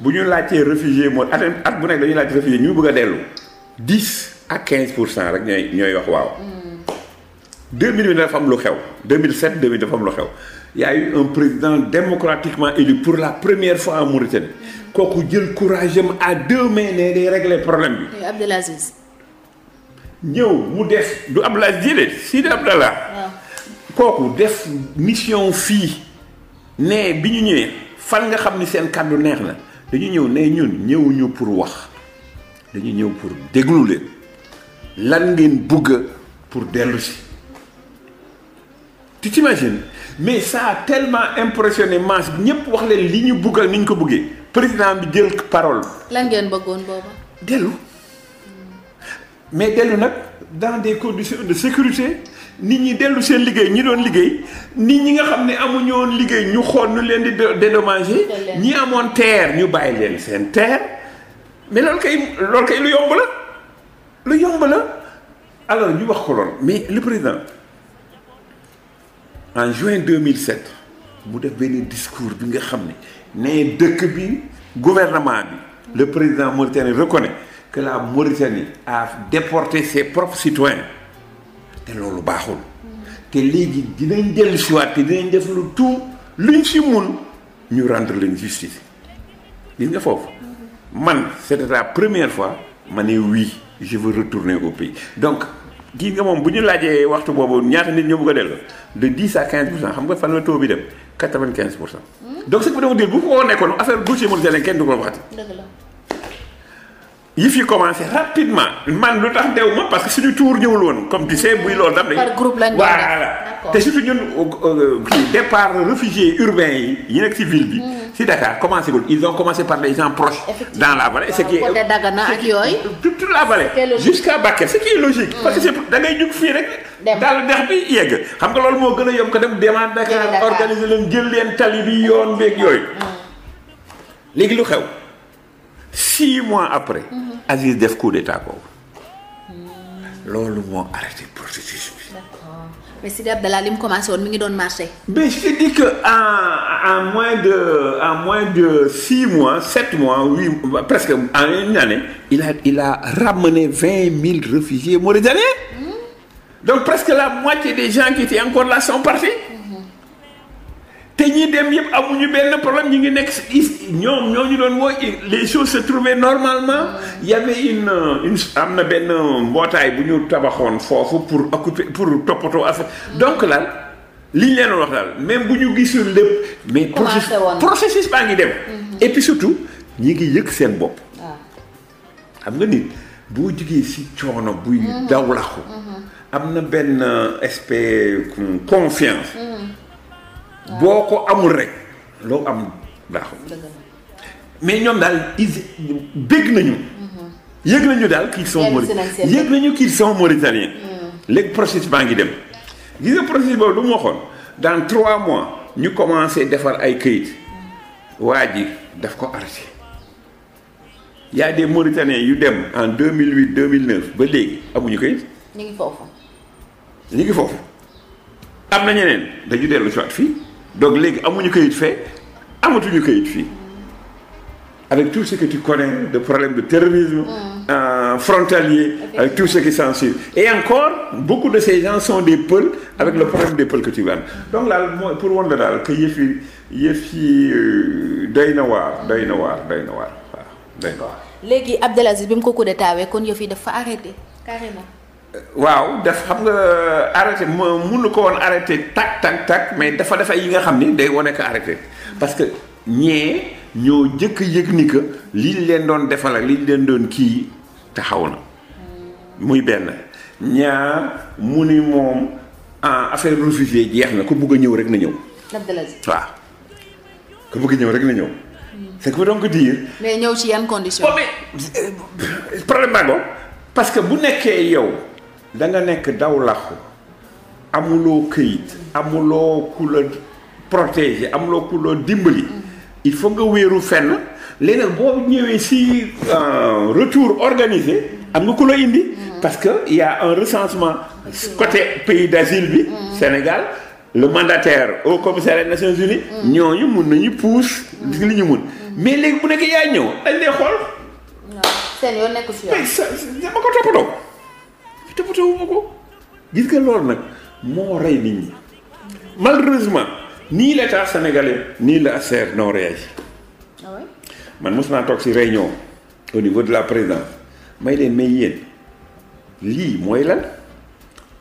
bu ñu laajtee réfugié moo at at bu nekk dañuy laaj réfugié ñu bëgg a dellu 10 à quinze pour cent rek ñooy ñooy wax waaw mm. 2008 dafa am lu xew 2007 2008 dafa am lu xew y a eu un président démocratiquement élu pour la première fois en Mauritanie kooku jël courage am à deux mains ne day régler problème bi. oui Abdoul Aziz. ñëw mu def du Abdoul Aziz jëlee Sidi Abdallah. Ah. kooku def mission fii ne bi ñu ñëwee fan nga xam ni seen kàddu neex na dañu ñëw ne ñun ñëwuñu pour wax dañu ñëw pour déglu leen lan ngeen bëgg pour dellu si. tu t'imagines mais ça a tellement impressionné bi ñëpp wax leen li ñu bugg ak ni ñu ko buggee président bi jël parole. lan ngeen bëggoon booba. dellu mais dellu nag dans des conditions de sécurité nit ñi dellu seen liggéey ñi doon liggéey nit ñi nga xam ne amuñu woon liggéey ñu xool nu leen di dédommager ñi amoon terre ñu bàyyi leen seen terre mais loolu kay lool kay lu yomb la lu yomb la alors ñu wax ko lool mais le président. en juin 2007 mu def benn discours bi nga xam ne ne dëkk bi gouvernement bi le président mauritanien reconnaît que la Mauritanie a déporté ses propres citoyens te loolu baaxul te léegi dinañ dellu si waat te dinañ def lu tout ñu si mun ñu rendre leen justice gis nga foofu man c'était la première fois ma ne oui je veux retourner au pays donc gis nga moom bu ñu laajee waxtu boobu ñaata nit ñoo bëgg a dellu de 10 à 15 pour cent xam nga fan la taux bi dem 95 pour cent. Hmm. donc ce qui veut dire bu ko nekkoon affaire Gauthier Mone Sélène kenn du ko waxati. yi fi commencé rapidement man lu tax dew ma parce que suñu tour ñëwul woon comme tu sais buy loolu daf dañu par groupe lañ voilà te surtout ñun euh, euh, départ réfugiés urbains yi yi nekk ci ville bi ci hmm. Dakar commencé gul ils ont commencé par les gens proches dans la vallée ce qui est euh, Dagana hmm. jug fii rek daal dex bi yegg xam nga loolu moo gën a yomb ko dem demande Dakar organiser leen jël leen tali bi yoon beeg yooyu hmm. léegi lu xew six mois après. Mhm. Aziz def coup d'état boobu. loolu moo arrêté processus bi. d'accord mais Sidi li mu commencé woon mi ngi doon marché. mais je dis que en en moins de en moins de six mois sept mois huit presque en une année. il a il a ramené vingt mille réfugiés mauritaniens. Hmm. donc presque la moitié des gens qui étaient encore là sont partis. te ñi dem yëpp amuñu benn problème ñi ngi nekk ñoom ñoo ñu doon wooy les choses se trouvaient normalement y avait une am na benn mbootaay bu ñu tabaxoon foofu pour occuper pour toppatoo affaire donc lan li ñu leen wax daal même bu ñu gisul lépp mais processus baa ngi dem mhm. et puis ñi ngi yëg seen bopp ah. xam nga nit boo jugee si coono buy mhm. dawlaxu mhm. am na benn aspect confiance boo ko amul rek loo am baaxul. mais ñoom daal ils bégg nañu. Mhm. yëg nañu daal qu'ils sont mauritaniens yëg nañu qu'ils sont mauritaniens. Mhm. léegi processus baa ngi dem. gis nga boobu lu mu waxoon dans trois mois ñu commencé defar ay këyit mhm. waa ji daf ko arrêté y a des Mauritaniens yu dem en mille 2008 2009 ba léegi amuñu këyit. ñu ngi foofu. ñu am na ñeneen dañu dellu si fii. donc léegi amuñu kayit fee amatuñu kayit fii avec tout ce que tu de problème de terrorisme mm. euh, frontalier okay. avec tout ce qui s'ensuit et encore beaucoup de ces gens sont des Peuls avec le problème des Peuls que tu vannes donc daal mooy pour wan la daal que yëf yi yëf yi euh, doy na waar doy na waar doy na waar waaw doy na waar léegi Abdelaziz bi mu ko coup d'état kon yëf yi dafa arrêté carrément waaw def xam nga arrêté mënu ko woon arrêté tak tak tak mais dafa def yi nga xam ni day wane ko arrêté parce que ñee ñoo jëkk yëg ni que lii leen doon defal lii liñ leen doon kii te xaw na muy benn ñaar mu ni moom ah, affaire refusé jeex na ku bugg a ñëw rek na ñëw. waaw ku bëgg ñëw rek na ñëw. c'est que donc dire. mais ñëw ci yan conditions. Euh, problème baa parce que bu nekkee yow. da nga nekk daw làqu amuloo këyit amuloo ku la protéger amuloo ku la dimbali il faut nga wéeru fenn léegi boo ñëwee si euh, retour organisé am nga ku la indi parce que il y a un recensement côté pays d'asile bi Sénégal le mandataire au commissariat des Nations Unies ñooñu mun nañu pousse li ñu mun mais léegi bu nekk yaa ñëw dañ lay xool seen yoon nekku si yoon dama ko toppatoo toppatoo wu ma ko gis nga loolu nag moo rey nit ñi malheureusement nii l'état sénégalais nii la ASER non ah man mos naa toog si réunion au niveau de la présidence may leen may yéen lii mooy lan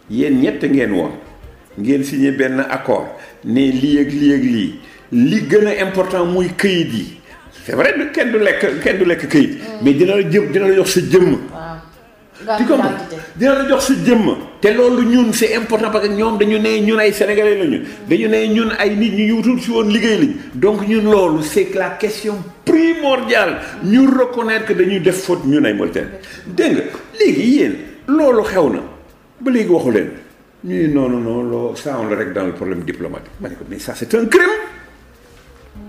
yéen ñett ngeen woon ngeen signé benn accord ne lii ak lii lii li gën a important muy këyit yi c'est vrai kenn du lekk kenn du lekk këyit mm. mais dina la jëm dina la jox sa jëmm tu comprends dina la jox sa jëmm te loolu ñun c'est important parce que ñoom dañu ne ñun ay sénégalais lañu mm. dañu ne ñun ay nit ñu wutul si woon liggéey lañu donc ñun loolu c'est la question primordiale mm. ñu reconnaître que dañuy def faute ñun ay Mauritaniens dégg nga léegi yéen loolu xew na ba léegi waxu leen ñuy non non non loo ça on le règle dans le problème diplomatique ma mi ko mais ça c'est un crime mm.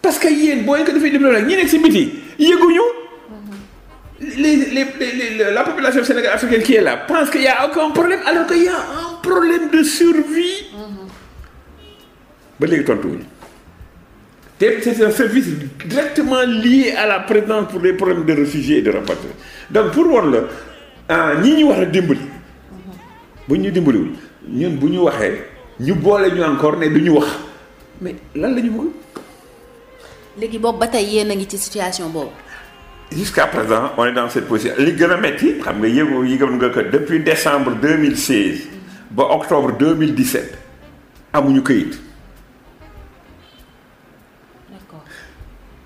parce que yéen boo ko defee diplomatique ñu nekk si biti yëguñu. les, les, les, la population sénégalaise africaine qui est pense qu'il n'y a aucun problème alors qu'il y un problème de survie. ba léegi tontuwuñu te c'est un service directement lié à la présidence pour les problèmes de réfugiés et de rapatriés donc pour woon la ah ñii ñu wax la dimbali. bu ñu dimbaliwul ñun bu ñu waxee ñu boole ñu encore ne du ñu wax mais lan la ñu bëgg. léegi boobu ba tey yéen a ngi ci situation boobu. jusqu'à présent on est dans cette position li gën a métti xam nga yëgu yëgoon nga que depuis décembre 2016 ba octobre 2017 amuñu këyit.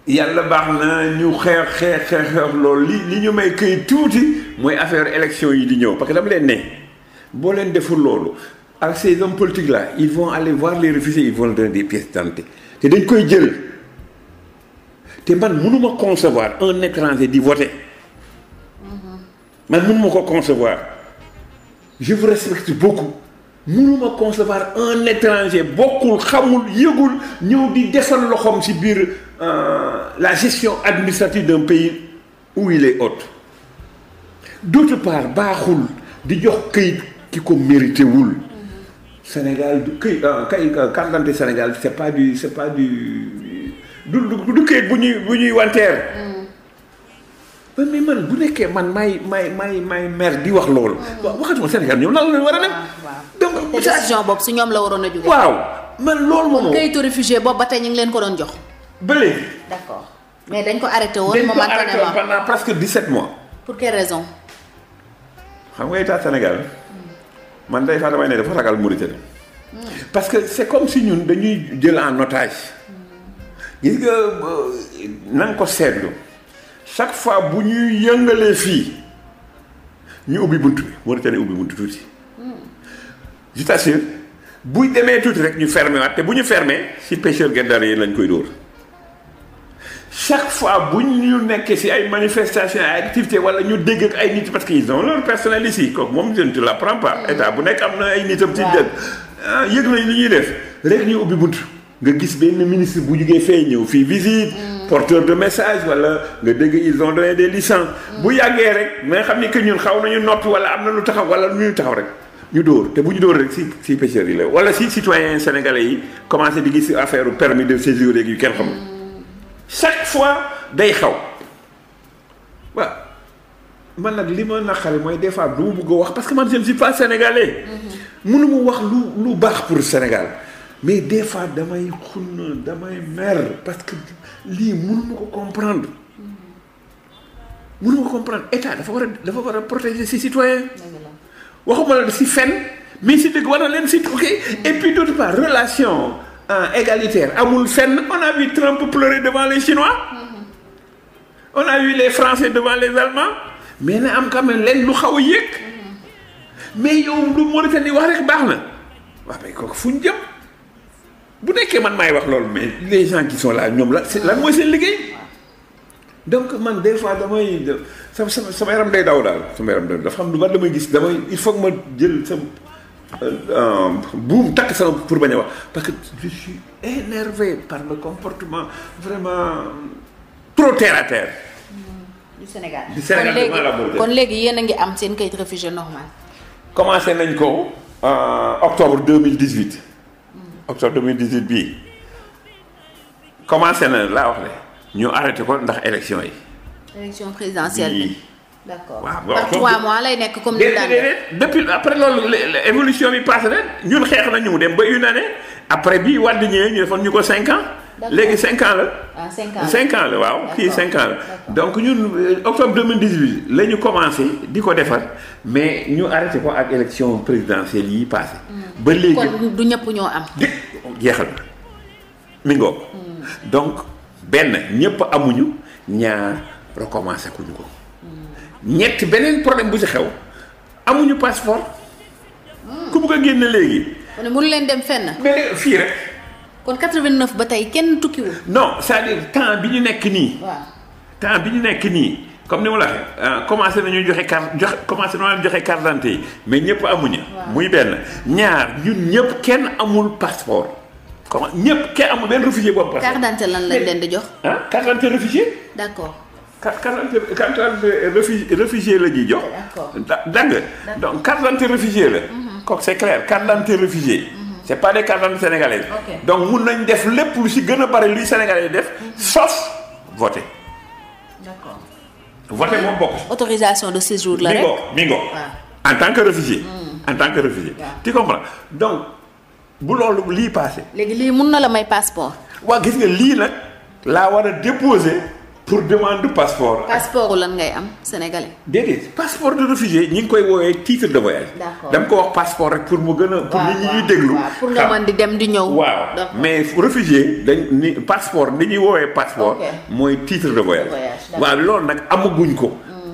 yàlla baax na ñu xeex xeex xeex loolu li li ñu may këyit tuuti mooy affaire élection yi di ñëw parce que dama leen ne boo leen deful loolu ak ces hommes politiques là ils vont aller voir les réfugiés ils vont leur donner des pièces te dañ koy jël. te man mënuma concevoir un étranger di voter man mënuma ko concevoir je vous respecte beaucoup mënuma concevoir un étranger bokkul xamul yëgul ñëw di desal loxoom ci biir euh, la gestion administrative d'un pays où il est hôte d'autre part baaxul di jox këyit ki ko mérité wul Sénégal du këy euh, kay euh, carte Sénégal c'est pas du c'est pas du du du kayit bu ñuy bu ñuy wanteer. ba mm. mais man bu nekkee man may may may may maire di wax loolu. Mm. waaw waxatuma Sénégal ñoom na la war a nekk. donc te décision boobu si ñoom la waroon a jógee. waaw man loolu moom. kayitu réfugié boobu ba tey ñu ngi leen ko doon jox. ba léegi. d'accord mais dañ ko arrêté woon. momentanément dañ ko arrêté woon pendant presque mois. pour quelle raison. xam nga état Sénégal man day faa damay ne dafa ragal Mauritanie. Mm. parce que c'est comme si ñun dañuy jël en otage. gis nga euh, na ko seetlu chaque fois bu ñuy yëngalee fii ñu ubbi bunt bi Mauritanie ubbi bunt tuuti je t'assure buy demee tuuti rek ñu fermé waat te bu ñu fermé si pêcheur gendar yi lañ koy dóor chaque fois bu ñu nekkee si ay manifestation ay activité wala ñu dégg ak ay nit parce que ils ont leur personnel kooku moom je ne la l'apprends pas mm. état bu nekk am na ay nitam ci dégg ah, yëg nañ li ñuy def rek ñu ubbi bunt nga gis benn ministre bu jugee fee ñëw fii visite. Mm. porteur de message wala nga dégg ils ont donné des licences. Mm. bu yàggee rek mais xam ni que ñun xaw nañu noppi wala am na lu taxaw wala lu ñu taxaw rek. ñu dóor te bu ñu dóor rek si si pêcheurs yi la wala si citoyens sénégalais yi commencé di gis affaire permis de séjour rek yu kenn xamul mm. chaque fois day xaw waa man nag li ma naqari mooy des fois du ma bëgg wax parce que man je si suis pas sénégalais. Mm-hmm. mënu mu wax lu lu baax pour Sénégal. mais des fois damay xunn damay mer parce que lii mënuma ko comprendre mënuma ko comprendre état dafa war a dafa war a protéger ses citoyens waxuma la si fen mais si dëgg war na leen si ok et puis d'autre part relation égalitaire amul fenn on a vu Trump pleurer devant les Chinois mm-hmm. on a vu les Français devant les Allemands mais na am quand même leen lu xaw a yëg mm-hmm. mais yow lu Mauritanie wax rek baax na waaw mais kooku fu ñu jëm bu nekkee man maay wax loolu mais les gens qui sont ñoom la lan mooy seen liggéey donc man des fois damay sama sama sama yaram day daw daal sama yaram day dafa xam lu bari damay gis damay il faut ma jël sama euh, euh, buum takk sama pour bañ a wax parce que je suis énervé par le comportement vraiment trop terre à terre. Mm, du Sénégal du Sénégal kon léegi yéen a ngi am seen kayit réfugié normal. commencé nañ ko euh, octobre 2018. octobre 2018 bi commencé na laa wax ne ñu arrêté ko ndax élection yi. élection présidentielle bi d' accord waaw par trois mois lay nekk comme ni daan depuis après loolu évolution bi passé na ñun xeex na ñu mu dem ba une année après bii wàllu ñëwee ñu defoon ñu ko cinq ans. léegi 5 la. ah 5 ans 5 ans la waaw fii 5 ans la. donc ñun euh, octobre 2018 la ñu commencé di ko defar mais ñu arrêté ko ak élection présidentielle yi passé hmm. ba léegi kon du ñëpp ñoo am. di jeexal mi ngoog. Hmm. donc benn ñëpp amuñu ñaar recommencé kuñu ko. Hmm. ñetti beneen problème bu si xew amuñu passeport. ku bëgg génn léegi. kon mënu leen dem fenn. fii rek. kon 89 ba tey kenn tukkiwul. non sa à dire temps bi ñu nekk nii. waaw temps bi ñu nekk nii comme ni mu la waxee euh, commencé nañu joxe carte joxe commencé joxe carte d'identité yi mais ñëpp amuñu. muy benn ñaar ñun ñëpp kenn amul passeport. comment ñëpp kenn amul benn réfugié bu am passeport. carte d'identité lan lañ leen di jox. ah carte d'identité réfugié. d'accord. carte d'identité carte d'identité réfugié la ñuy jox. d'accord danga donc carte d'identité réfugié la. Mhm. kooku c'est clair carte d'identité réfugié. Mhm. c'est pas des cartes d'identité donc mun nañ def lépp lu si gën a bari luy sénégalais def. sauf voter. d'accord voter moom bokk. autorisation de séjour la rek mingo mingo. en tant que réfugié. Hmm. en tant que réfugié. waaw tu comprends donc bu loolu lii passé. léegi lii mun na la may passeport. waa gis nga lii nag laa war a déposer. pour demande passeport. passeport lan ngay am sénégalais. déedéet passeport de réfugié ñi ngi koy woowee titre de voyage. dama ko wax passeport rek pour mu gën a. pour nit ñi ñuy déglu. pour nga mën di dem di ñëw. waaw mais réfugié dañ ni passeport ni ñuy woowee passeport. mooy titre de voyage. waaw loolu nag amaguñ ko.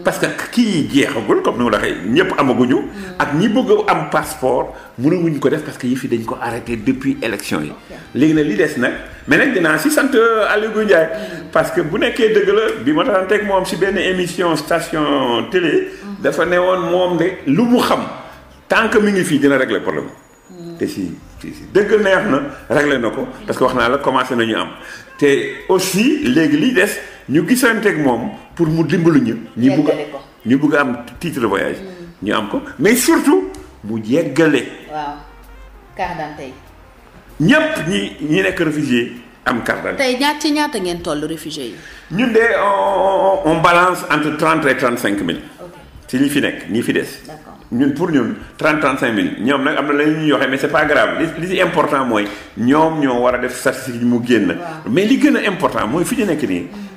parce que kii jeexagul comme ni mu la waxee ñëpp amaguñu. ak ñi bëgg a am passeport mënaguñ ko def parce que yi fii dañ ko arrêté depuis élection yi. léegi nag li des nag mais nag dinaa si sant euh, Aliou Ngouille Ndiaye mm. parce que bu nekkee dëgg la bi ma taxanteeg moom si benn émission station télé. Mm. dafa ne woon moom de lu mu xam tant que mi ngi fii dina régler problème mm. te si si si na régler na ko parce que wax naa la commencé nañu am te aussi léegi li des. ñu gisante gisanteeg moom pour mu dimbaluñu ñu bugg ñu bugg am titre de voyage hmm. ñu am ko mais surtout mu yeggale waaw carte d'identité ñépp ñi ñi nekk réfugié am carte d'identité tey ñaat ci ñaata ngeen toll réfugié yi ñun de on balance entre trente et trente cinq mille ci ñi fi nekk ñi fi des ñun pour ñun trente trente cinq mille ñoom nag am na la ñuy yoxee mais c'est pas grave li li ci important mooy ñoom ñoo war a def statistique mu génn mais li gën a important mooy fi ñu nekk nii hmm.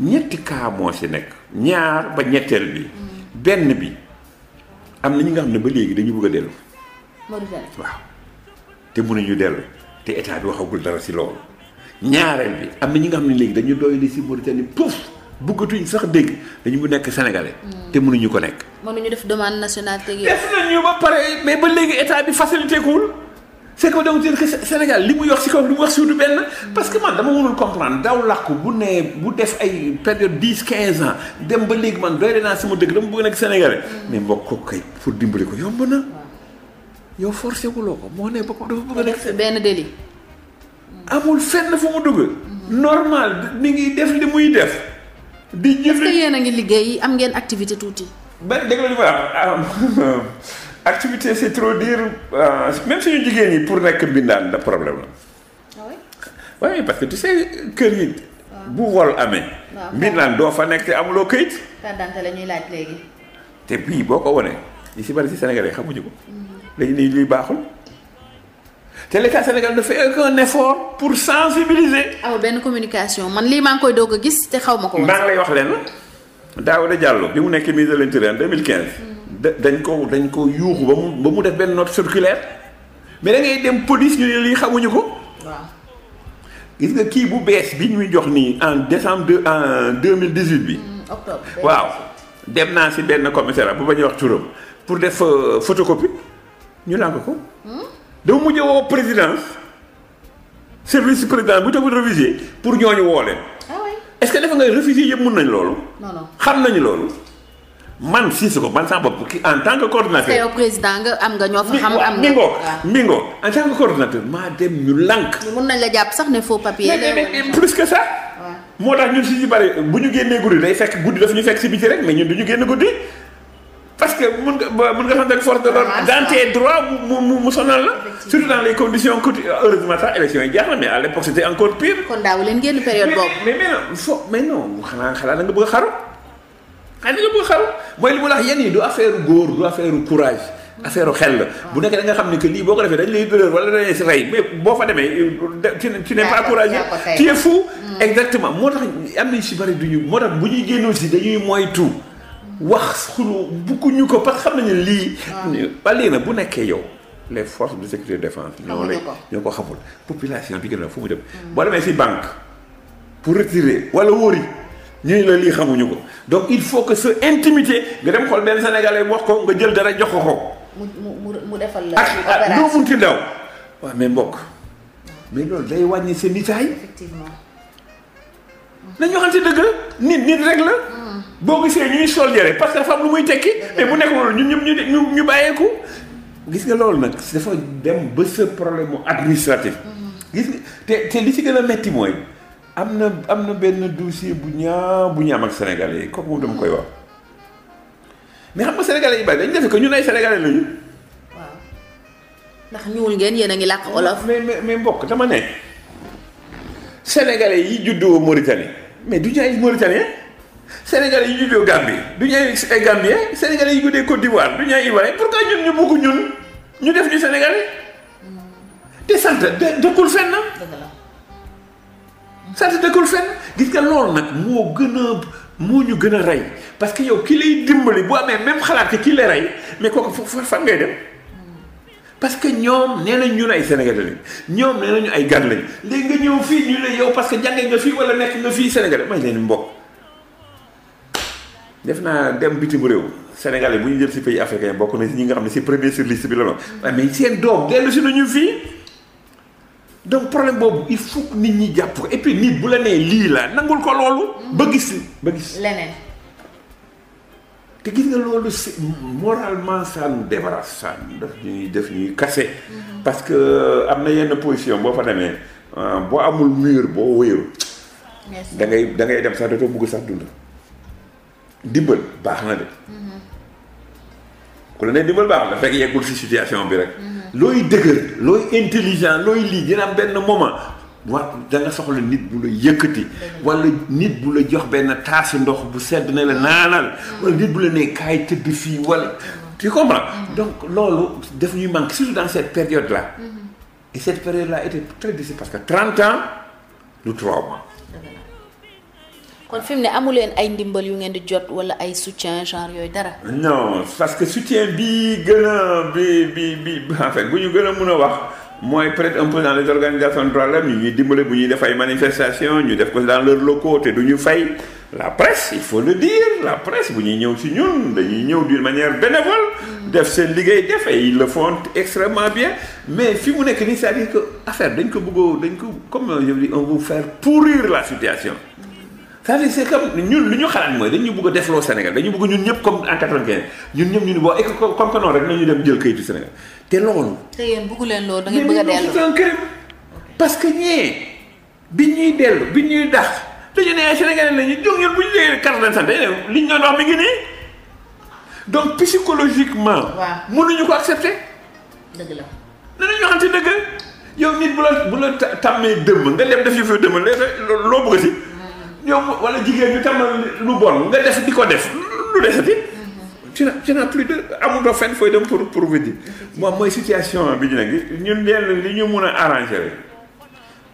ñetti cas moo si nekk ñaar ba ñetteel bi benn bi am na ñu nga xam ne ba léegi dañu bugg a dellu waaw te mënuñu dellu te état bi waxagul dara si loolu ñaareel bi am na ñu nga xam ne léegi dañu doy li si Mauritanie pouf bëggatuñ sax dégg dañu bu nekk sénégalais mm. te mënuñu ko nekk mënuñu def demande nationalité gi def nañu ba pare mais ba léegi état bi facilité kuwul c'est que donc dire Sénégal li mu yox si kaw li mu wax si du benn parce que man dama mënul comprendre daaw làkku bu nee bu def ay période dix quinze ans dem ba léegi man doy naa sama dëkk dama bëgg nekk Sénégalais mais mbokk ko kay pour dimbali ko yomb na yow forcé wuloo ko moo ne bopp dafa bëgg a nekk benn délit amul fenn fu mu dugg normal mi ngi def li muy def di jëf est-ce que yéen a ngi liggéey am ngeen activité tuuti ba dégg la ma am activité c'est trop dire euh, même suñu jigéen ñi pour nekk mbindaan da problème la. Ah oui. parce que tu sais kër yi. Ah. bu wol amee. waaw ah, mbindaan doo fa nekk te amuloo këyit. tàddante te bii boo ko wonee li si bari si Sénégal xamuñu ko. Mm. dañu ne luy baaxul. te l'État sénégalais dafa aucun effort pour sensibiliser. aw benn communication man lii maa koy doog a gis te xaw ma ko. maa ngi lay wax leen Daouda Diallo bi mu nekk ministre de l'Intérieur en 2015. dañ ko dañ ko yuuxu ba mu ba mu def benn note circulaire mais da ngay dem police ñu ne lii xamuñu ko. waaw gis nga kii bu bees bi ñuy jox nii en décembre de en deux mille dix huit bi. Mm, octobre waaw dem naa si benn commissariat bu bañ wax turam pour def euh, photocopie ñu lànk ko. Hmm? dama mujj woo présidence service président bu tax révisé pour ñooñu woo leen. Ah est-ce que defe nga réfugié yëpp mun nañ loolu. xam nañu loolu. man Cissokho man sama bopp ki en tant que coordinateur. yow président nga am nga ñoo fa xam. am nga mbingo mbingo en tant que coordinateur maa dem ñu lànk. mun nañ la jàpp sax ne faux papier. plus que sax moo tax ñun si ñu bari bu ñu génnee guddi day fekk guddi daf ñu fekk si biti rek mais ñun du ñu génn guddi. parce que mun nga mun nga xamante ne force de l'ordre dans tes mu mu sonal la. surtout dans les conditions quotidiennes heureusement sax élection yi jaar na mais à l'époque xëy na ñu bëgg xaru góor du affaire courage xel la bu nekkee da xam ne que lii boo ko defee dañ lay dëlër wala dañ lay si rey mais boo fa demee tu n'es pas courageux tu es fou mm. exactement moo tax am nañ si bëri duñu moo tax bu ñuy génnoon si wax xulu bugguñu ko parce que xam nañu lii mm. ba lii bu nekkee yow les forces de sécurité défense ñoo lay ñoo ko xamul population bi gën a fu mu dem mm. boo demee si banque pour retirer wala wóori ñu la lii xamuñu ko donc il faut que sa intimité nga dem xool benn sénégalais wax ko nga jël dara jox ko ko. mu mu mu defal la. ak ah, ah, loo munti ndaw. waaw mais mbokk mais loolu day wàññi seen nitaay. effectivement. nañu waxante dëgg nit nit rek la. Mm. boo gisee ñuy sol yére parce que dafa am lu muy tekki. mais bu nekk loolu ñëpp ñu ñu ñu bàyyeeku. gis nga loolu nag dafa dem ba sa problème mu administratif. Mm-hmm. gis nga te te li ci gën a metti mooy. am na am na benn dossier bu ñaa bu ñu am ak sénégalais yi kooku moom dama koy wax mais xam nga sénégalais yi bari dañu defe que ñun ay sénégalais lañu. ndax ñuul ngeen yéen a ngi làkk olof. mais mais mais mbokk dama ne sénégalais yi juddoo Mauritanie mais du ñu ay Mauritanien sénégalais yi juddoo Gambie du ñu ay ay Gambien sénégalais yi juddoo Côte d'Ivoire du ñu ay Ivoirien pourquoi ñun ñu bëgg ñun ñu def ñu sénégalais te sant dëkkul fenn. ça te dëkkul fenn gis nga loolu nag moo gën a moo ñu gën a rey parce que yow ki dimbali bu amee même xalaat que ki lay rey mais kooku fan ngay dem. parce que ñoom nee nañ ñun ay sénégalais lañ ñoom nee nañu ay gan lañ léegi nga ñëw fii ñu ne yow parce que jàngee nga fii wala nekk nga fii sénégalais may leen mbokk. def naa dem bitim réew sénégalais bu ñu jël si pays africain bokk na si ñi nga xam ne si premier sur liste bi la noonu ah, mais seen doom dellu si nañu fii. donc problème boobu il faut nit ñi jàpp ko puis nit bu la nee lii la nangul ko loolu. ba gis ba gis. te gis nga loolu si moralement ça nous débarrasse ça ñuy def ñuy kase. Mhm. parce que am na yenn position boo fa demee ah, boo amul mur boo wéyul. dangay ngay da ngay dem sax dootoo bëgg sax dund. dimbal baax na de. Mhm. ku la ne dimbal baax na fekk yeggul si situation bi rek. Mhm. looy dëgër looy intelligent looy lii dina benn moment wa da nga soxla nit bu la yëkkati wala nit bu la jox benn taasu ndox bu sedd na la naanal wala nit bu la ne kaay tëdd fii wala tu comprends donc loolu def ñuy manque surtout dans cette période la mm-hmm. et cette période là était très difficile parce que 30 ans du 3 kon fi mu ne amuleen ay ndimbal yu ngeen di jot wala ay soutien genre yooyu dara. non parce que soutien bi gën a bi bi bi en bu ñu gën a mun a wax mooy peut-être un peu dans les organisations de droits de ñu ñuy dimbale bu ñuy def ay ñu def ko dans leurs locaux te du ñu fay. la presse il faut le dire la presse bu ñuy ñëw si ñun dañuy ñëw d'une manière bénévole def seen liggéey def et ils le font extrêmement bien mais fi mu nekk nii cest affaire dañ ko bëggoo dañ ko comme je dis on veut faire pourrir la situation c'est-à-dire ñun lu ñu xalaat mooy dañu bëgg a defloo Sénégal dañu bëgg ñun ñëpp comme en 95 ñun ñëpp ñu ni boo comme que noonu rek nañu dem jël kayitu Sénégal te loolu. te yéen bëggu leen parce que ñee bi ñuy dellu bi ñuy dax ñu ne ay Sénégalais lañu jóg ñun bu ñu leen carte de santé li ñu doon wax mi ngi nii donc psychologiquement. waaw mënuñu ko accepter. dëgg la. danañu waxante dëgg yow nit bu la bu la tàmmee dëmm nga dem def yu fi dëmm loo bëgg si. yow wala jigéen ñu tàmbali lu bon nga def di ko def lu desati. tu n'as tu n'as plus de amuloo fenn fooy dem pour pour wéddi. moom mooy situation bi ñu ngi ñun lenn li ñu mun a arrangé rek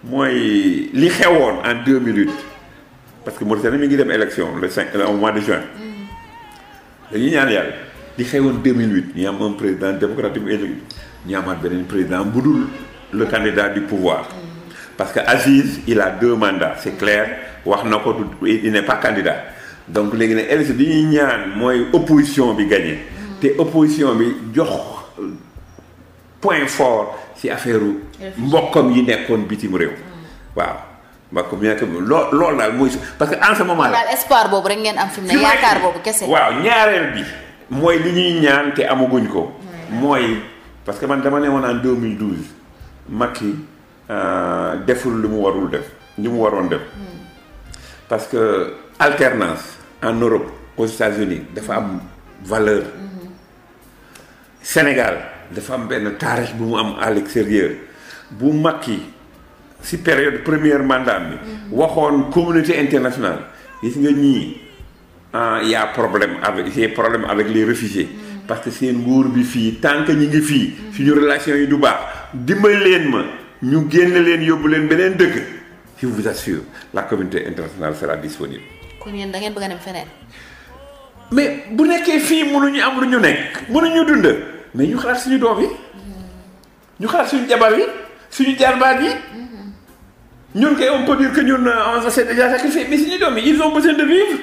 mooy li xewoon en 2008 parce que Mauritanie mi ngi dem élection le 5 euh, au mois de juin. dañuy ñaan yàlla li xewoon 2008 ñu am un président démocratique élu ñu amaat beneen président bu dul le candidat du pouvoir. parce que Aziz il a deux mandats c'est clair wax na ko il n'est pas candidat donc léegi ne élection bi ñuy ñaan mooy opposition bi gagné mm. te opposition bi jox point fort ci affaire mbokkam yi nekkoon bitim réew mm. waaw mbokkam yi nekk loo lool daal mooy parce que en ce moment là espoir boobu rek ngeen am fi mu ne yaakaar boobu kese waaw ñaareel bi mooy li ñuy ñaan te amaguñ ko mm. mooy parce que man dama ne woon en 2012 Euh, deful li mu warul def li mu waroon def hmm. parce que alternance en Europe aux États-Unis dafa am valeur hmm. Sénégal dafa am benn taarix bu mu am à l'extérieur bu Macky si période première mandat bi hmm. waxoon communauté internationale gis nga ñii ah, y a problème avec c'est problème avec les réfugiés parce que seen nguur bi fii tant que ñi ngi fii suñu relation yi du baax dimbal leen ma ñu génn leen yóbbu leen beneen dëkk je vous assure la communauté internationale sera disponible. kon yéen da ngeen bëgg a dem feneen. mais bu nekkee fii mënuñu am lu ñu nekk mënuñu dund mais ñu xalaat suñu doom yi mm-hmm. ñu xalaat suñu jabar yi suñu jarbaat yi mm-hmm. ñun kay on peut dire que ñun euh, on s'est déjà sacrifié mais suñu doom yi ils ont besoin de vivre.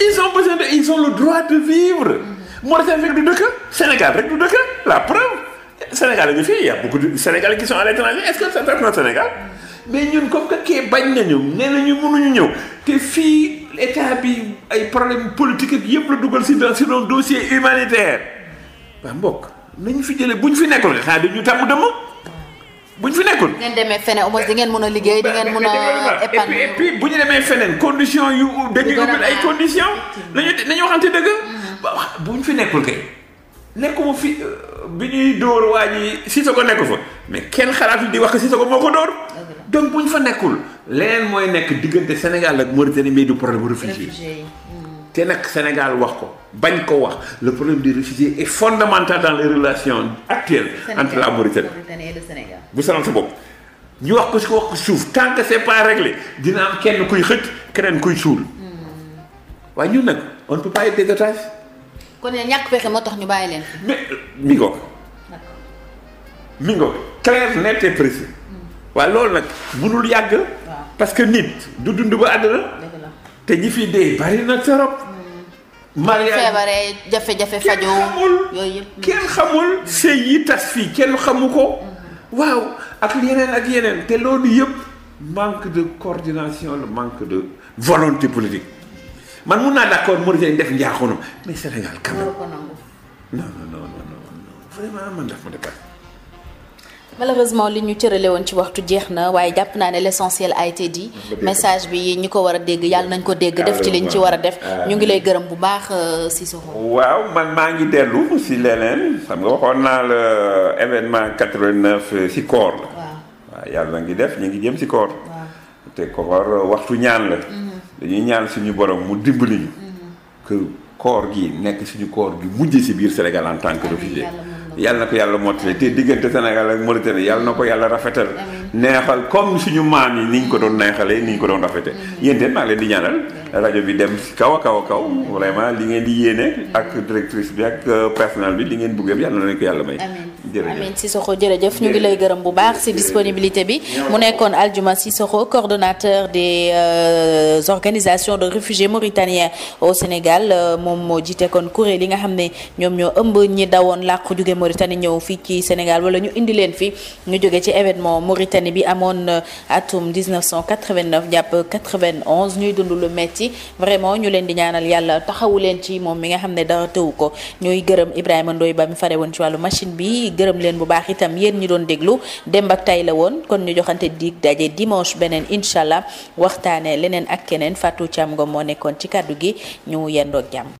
ils ont besoin de ils ont le droit de vivre. Mm-hmm. Mauritanie rek du dëkk Sénégal rek du dëkk la Sénégal ngi fii il y a beaucoup de Sénégalais qui sont à l'étranger est-ce que ça fait Sénégal mais ñun comme que kee bañ nañu nee nañu mënuñu ñëw te fii état bi ay problème politique ak yëpp la dugal si si doon dossier humanitaire waa mbokk nañu fi jëlee bu ñu fi nekkul xanaa dañu tàmm dëmm bu ñu fi nekkul. ngeen demee feneen au moins di ngeen mën a liggéey di ngeen mën a. épargne et puis bu ñu demee feneen condition yu dañuy ubbil ay condition nañu nañu waxante dëgg. Mm-hmm. bu ñu fi nekkul kay. nekkuma fi euh, bi ñuy dóor waa ji ko nekku fa mais kenn xalaat xalaatul di wax que Cissokho moo ko dóor. donc bu ñu fa nekkul leneen mooy nekk diggante Sénégal ak Mauritanie mais du problème réfugié yi te nag Sénégal wax ko bañ ko wax le problème des réfugiés est fondamental dans les relations actuelles Sénégal, entre la Mauritanie et le bu sanal sa bopp ñu wax ko si ko wax ko suuf tant que c'est pas réglé dina am kenn kuy xët keneen kuy suul hmm. waaye ñun nag kon ne ñàkk pexe moo tax ñu bàyyi leen. mais euh, mi ngoog. mi ngoog clair net et précis. Hmm. waaye loolu nag mënul yàgg. parce que nit du dund ba àdduna. te ñi fi dee bari na trop. Hmm. mariage feebaree jafe-jafe fajoo hmm. kenn xamul sëy yi tas fii kenn xamu ko. waaw ak yeneen ak yeneen te loolu yëpp manque de coordination la manque de volonté politique. man mun naa d' accord Mauritanie def njaaxonam mais Sénégal quand même. malheureusement li ñu cërale woon ci waxtu jeex na waaye jàpp naa ne l' essentiel a été message bi ñi ko war a dégg yàlla nañ ko dégg def ci li liñ ci war a def ñu ngi lay gërëm bu baax euh, Cissokho waaw man maa ngi dellu si leneen xam nga waxoon naa la euh, événement 89 euh, si koor la waaw yàlla ngi def ñu ngi jëm si koor te koor waxtu ñaan la mhm. dañuy ñaan suñu borom mu dimbali ñu que koor gi nekk suñu koor gi mujj si biir Sénégal en tant que yàlla na ko yàlla mottali te diggante Sénégal ak Mauritanie yàlla na ko yàlla rafetal neexal comme suñu maam yi ni ñu ko doon neexalee ni ñu ko doon rafetee yéen tamit maa leen di ñaanal rajo bi dem si kaw a kaw a kaw vraiment li ngeen di yéene ak directrice bi ak euh, personnel bi li ngeen bëgg yëpp yàlla na nekk yàlla may jërëjëf Amine Cissokho jërëjëf ñu ngi lay gërëm bu baax ci disponibilité bi mu nekkoon Aldiouma Cissokho coordonnateur des euh, organisations de réfugiés mauritaniens au Sénégal euh, moom moo jiite kon kuréel yi nga xam ne ñoom ñoo ëmb ñi dawoon làqu jóge Mauritanie ñëw fii ci Sénégal wala ñu indi leen fi ñu jóge ci événement Mauritanie bi amoon euh, atum 1989 jàpp 91 ñuy dund lu metti vraiment ñu leen di ñaanal yàlla taxawu leen ci moom mi nga xam ne dara tëwu ko ñuy gërëm Ibrahima Ndoye ba mi fare woon ci wàllu machine bi gërëm leen bu baax itam yéen ñi doon déglu démb ak tay la woon kon ñu joxante dig daje dimanche beneen incha allah waxtaane leneen ak keneen Fatou Thiam nga moo nekkoon ci kàddu gi ñu yendoog jàmm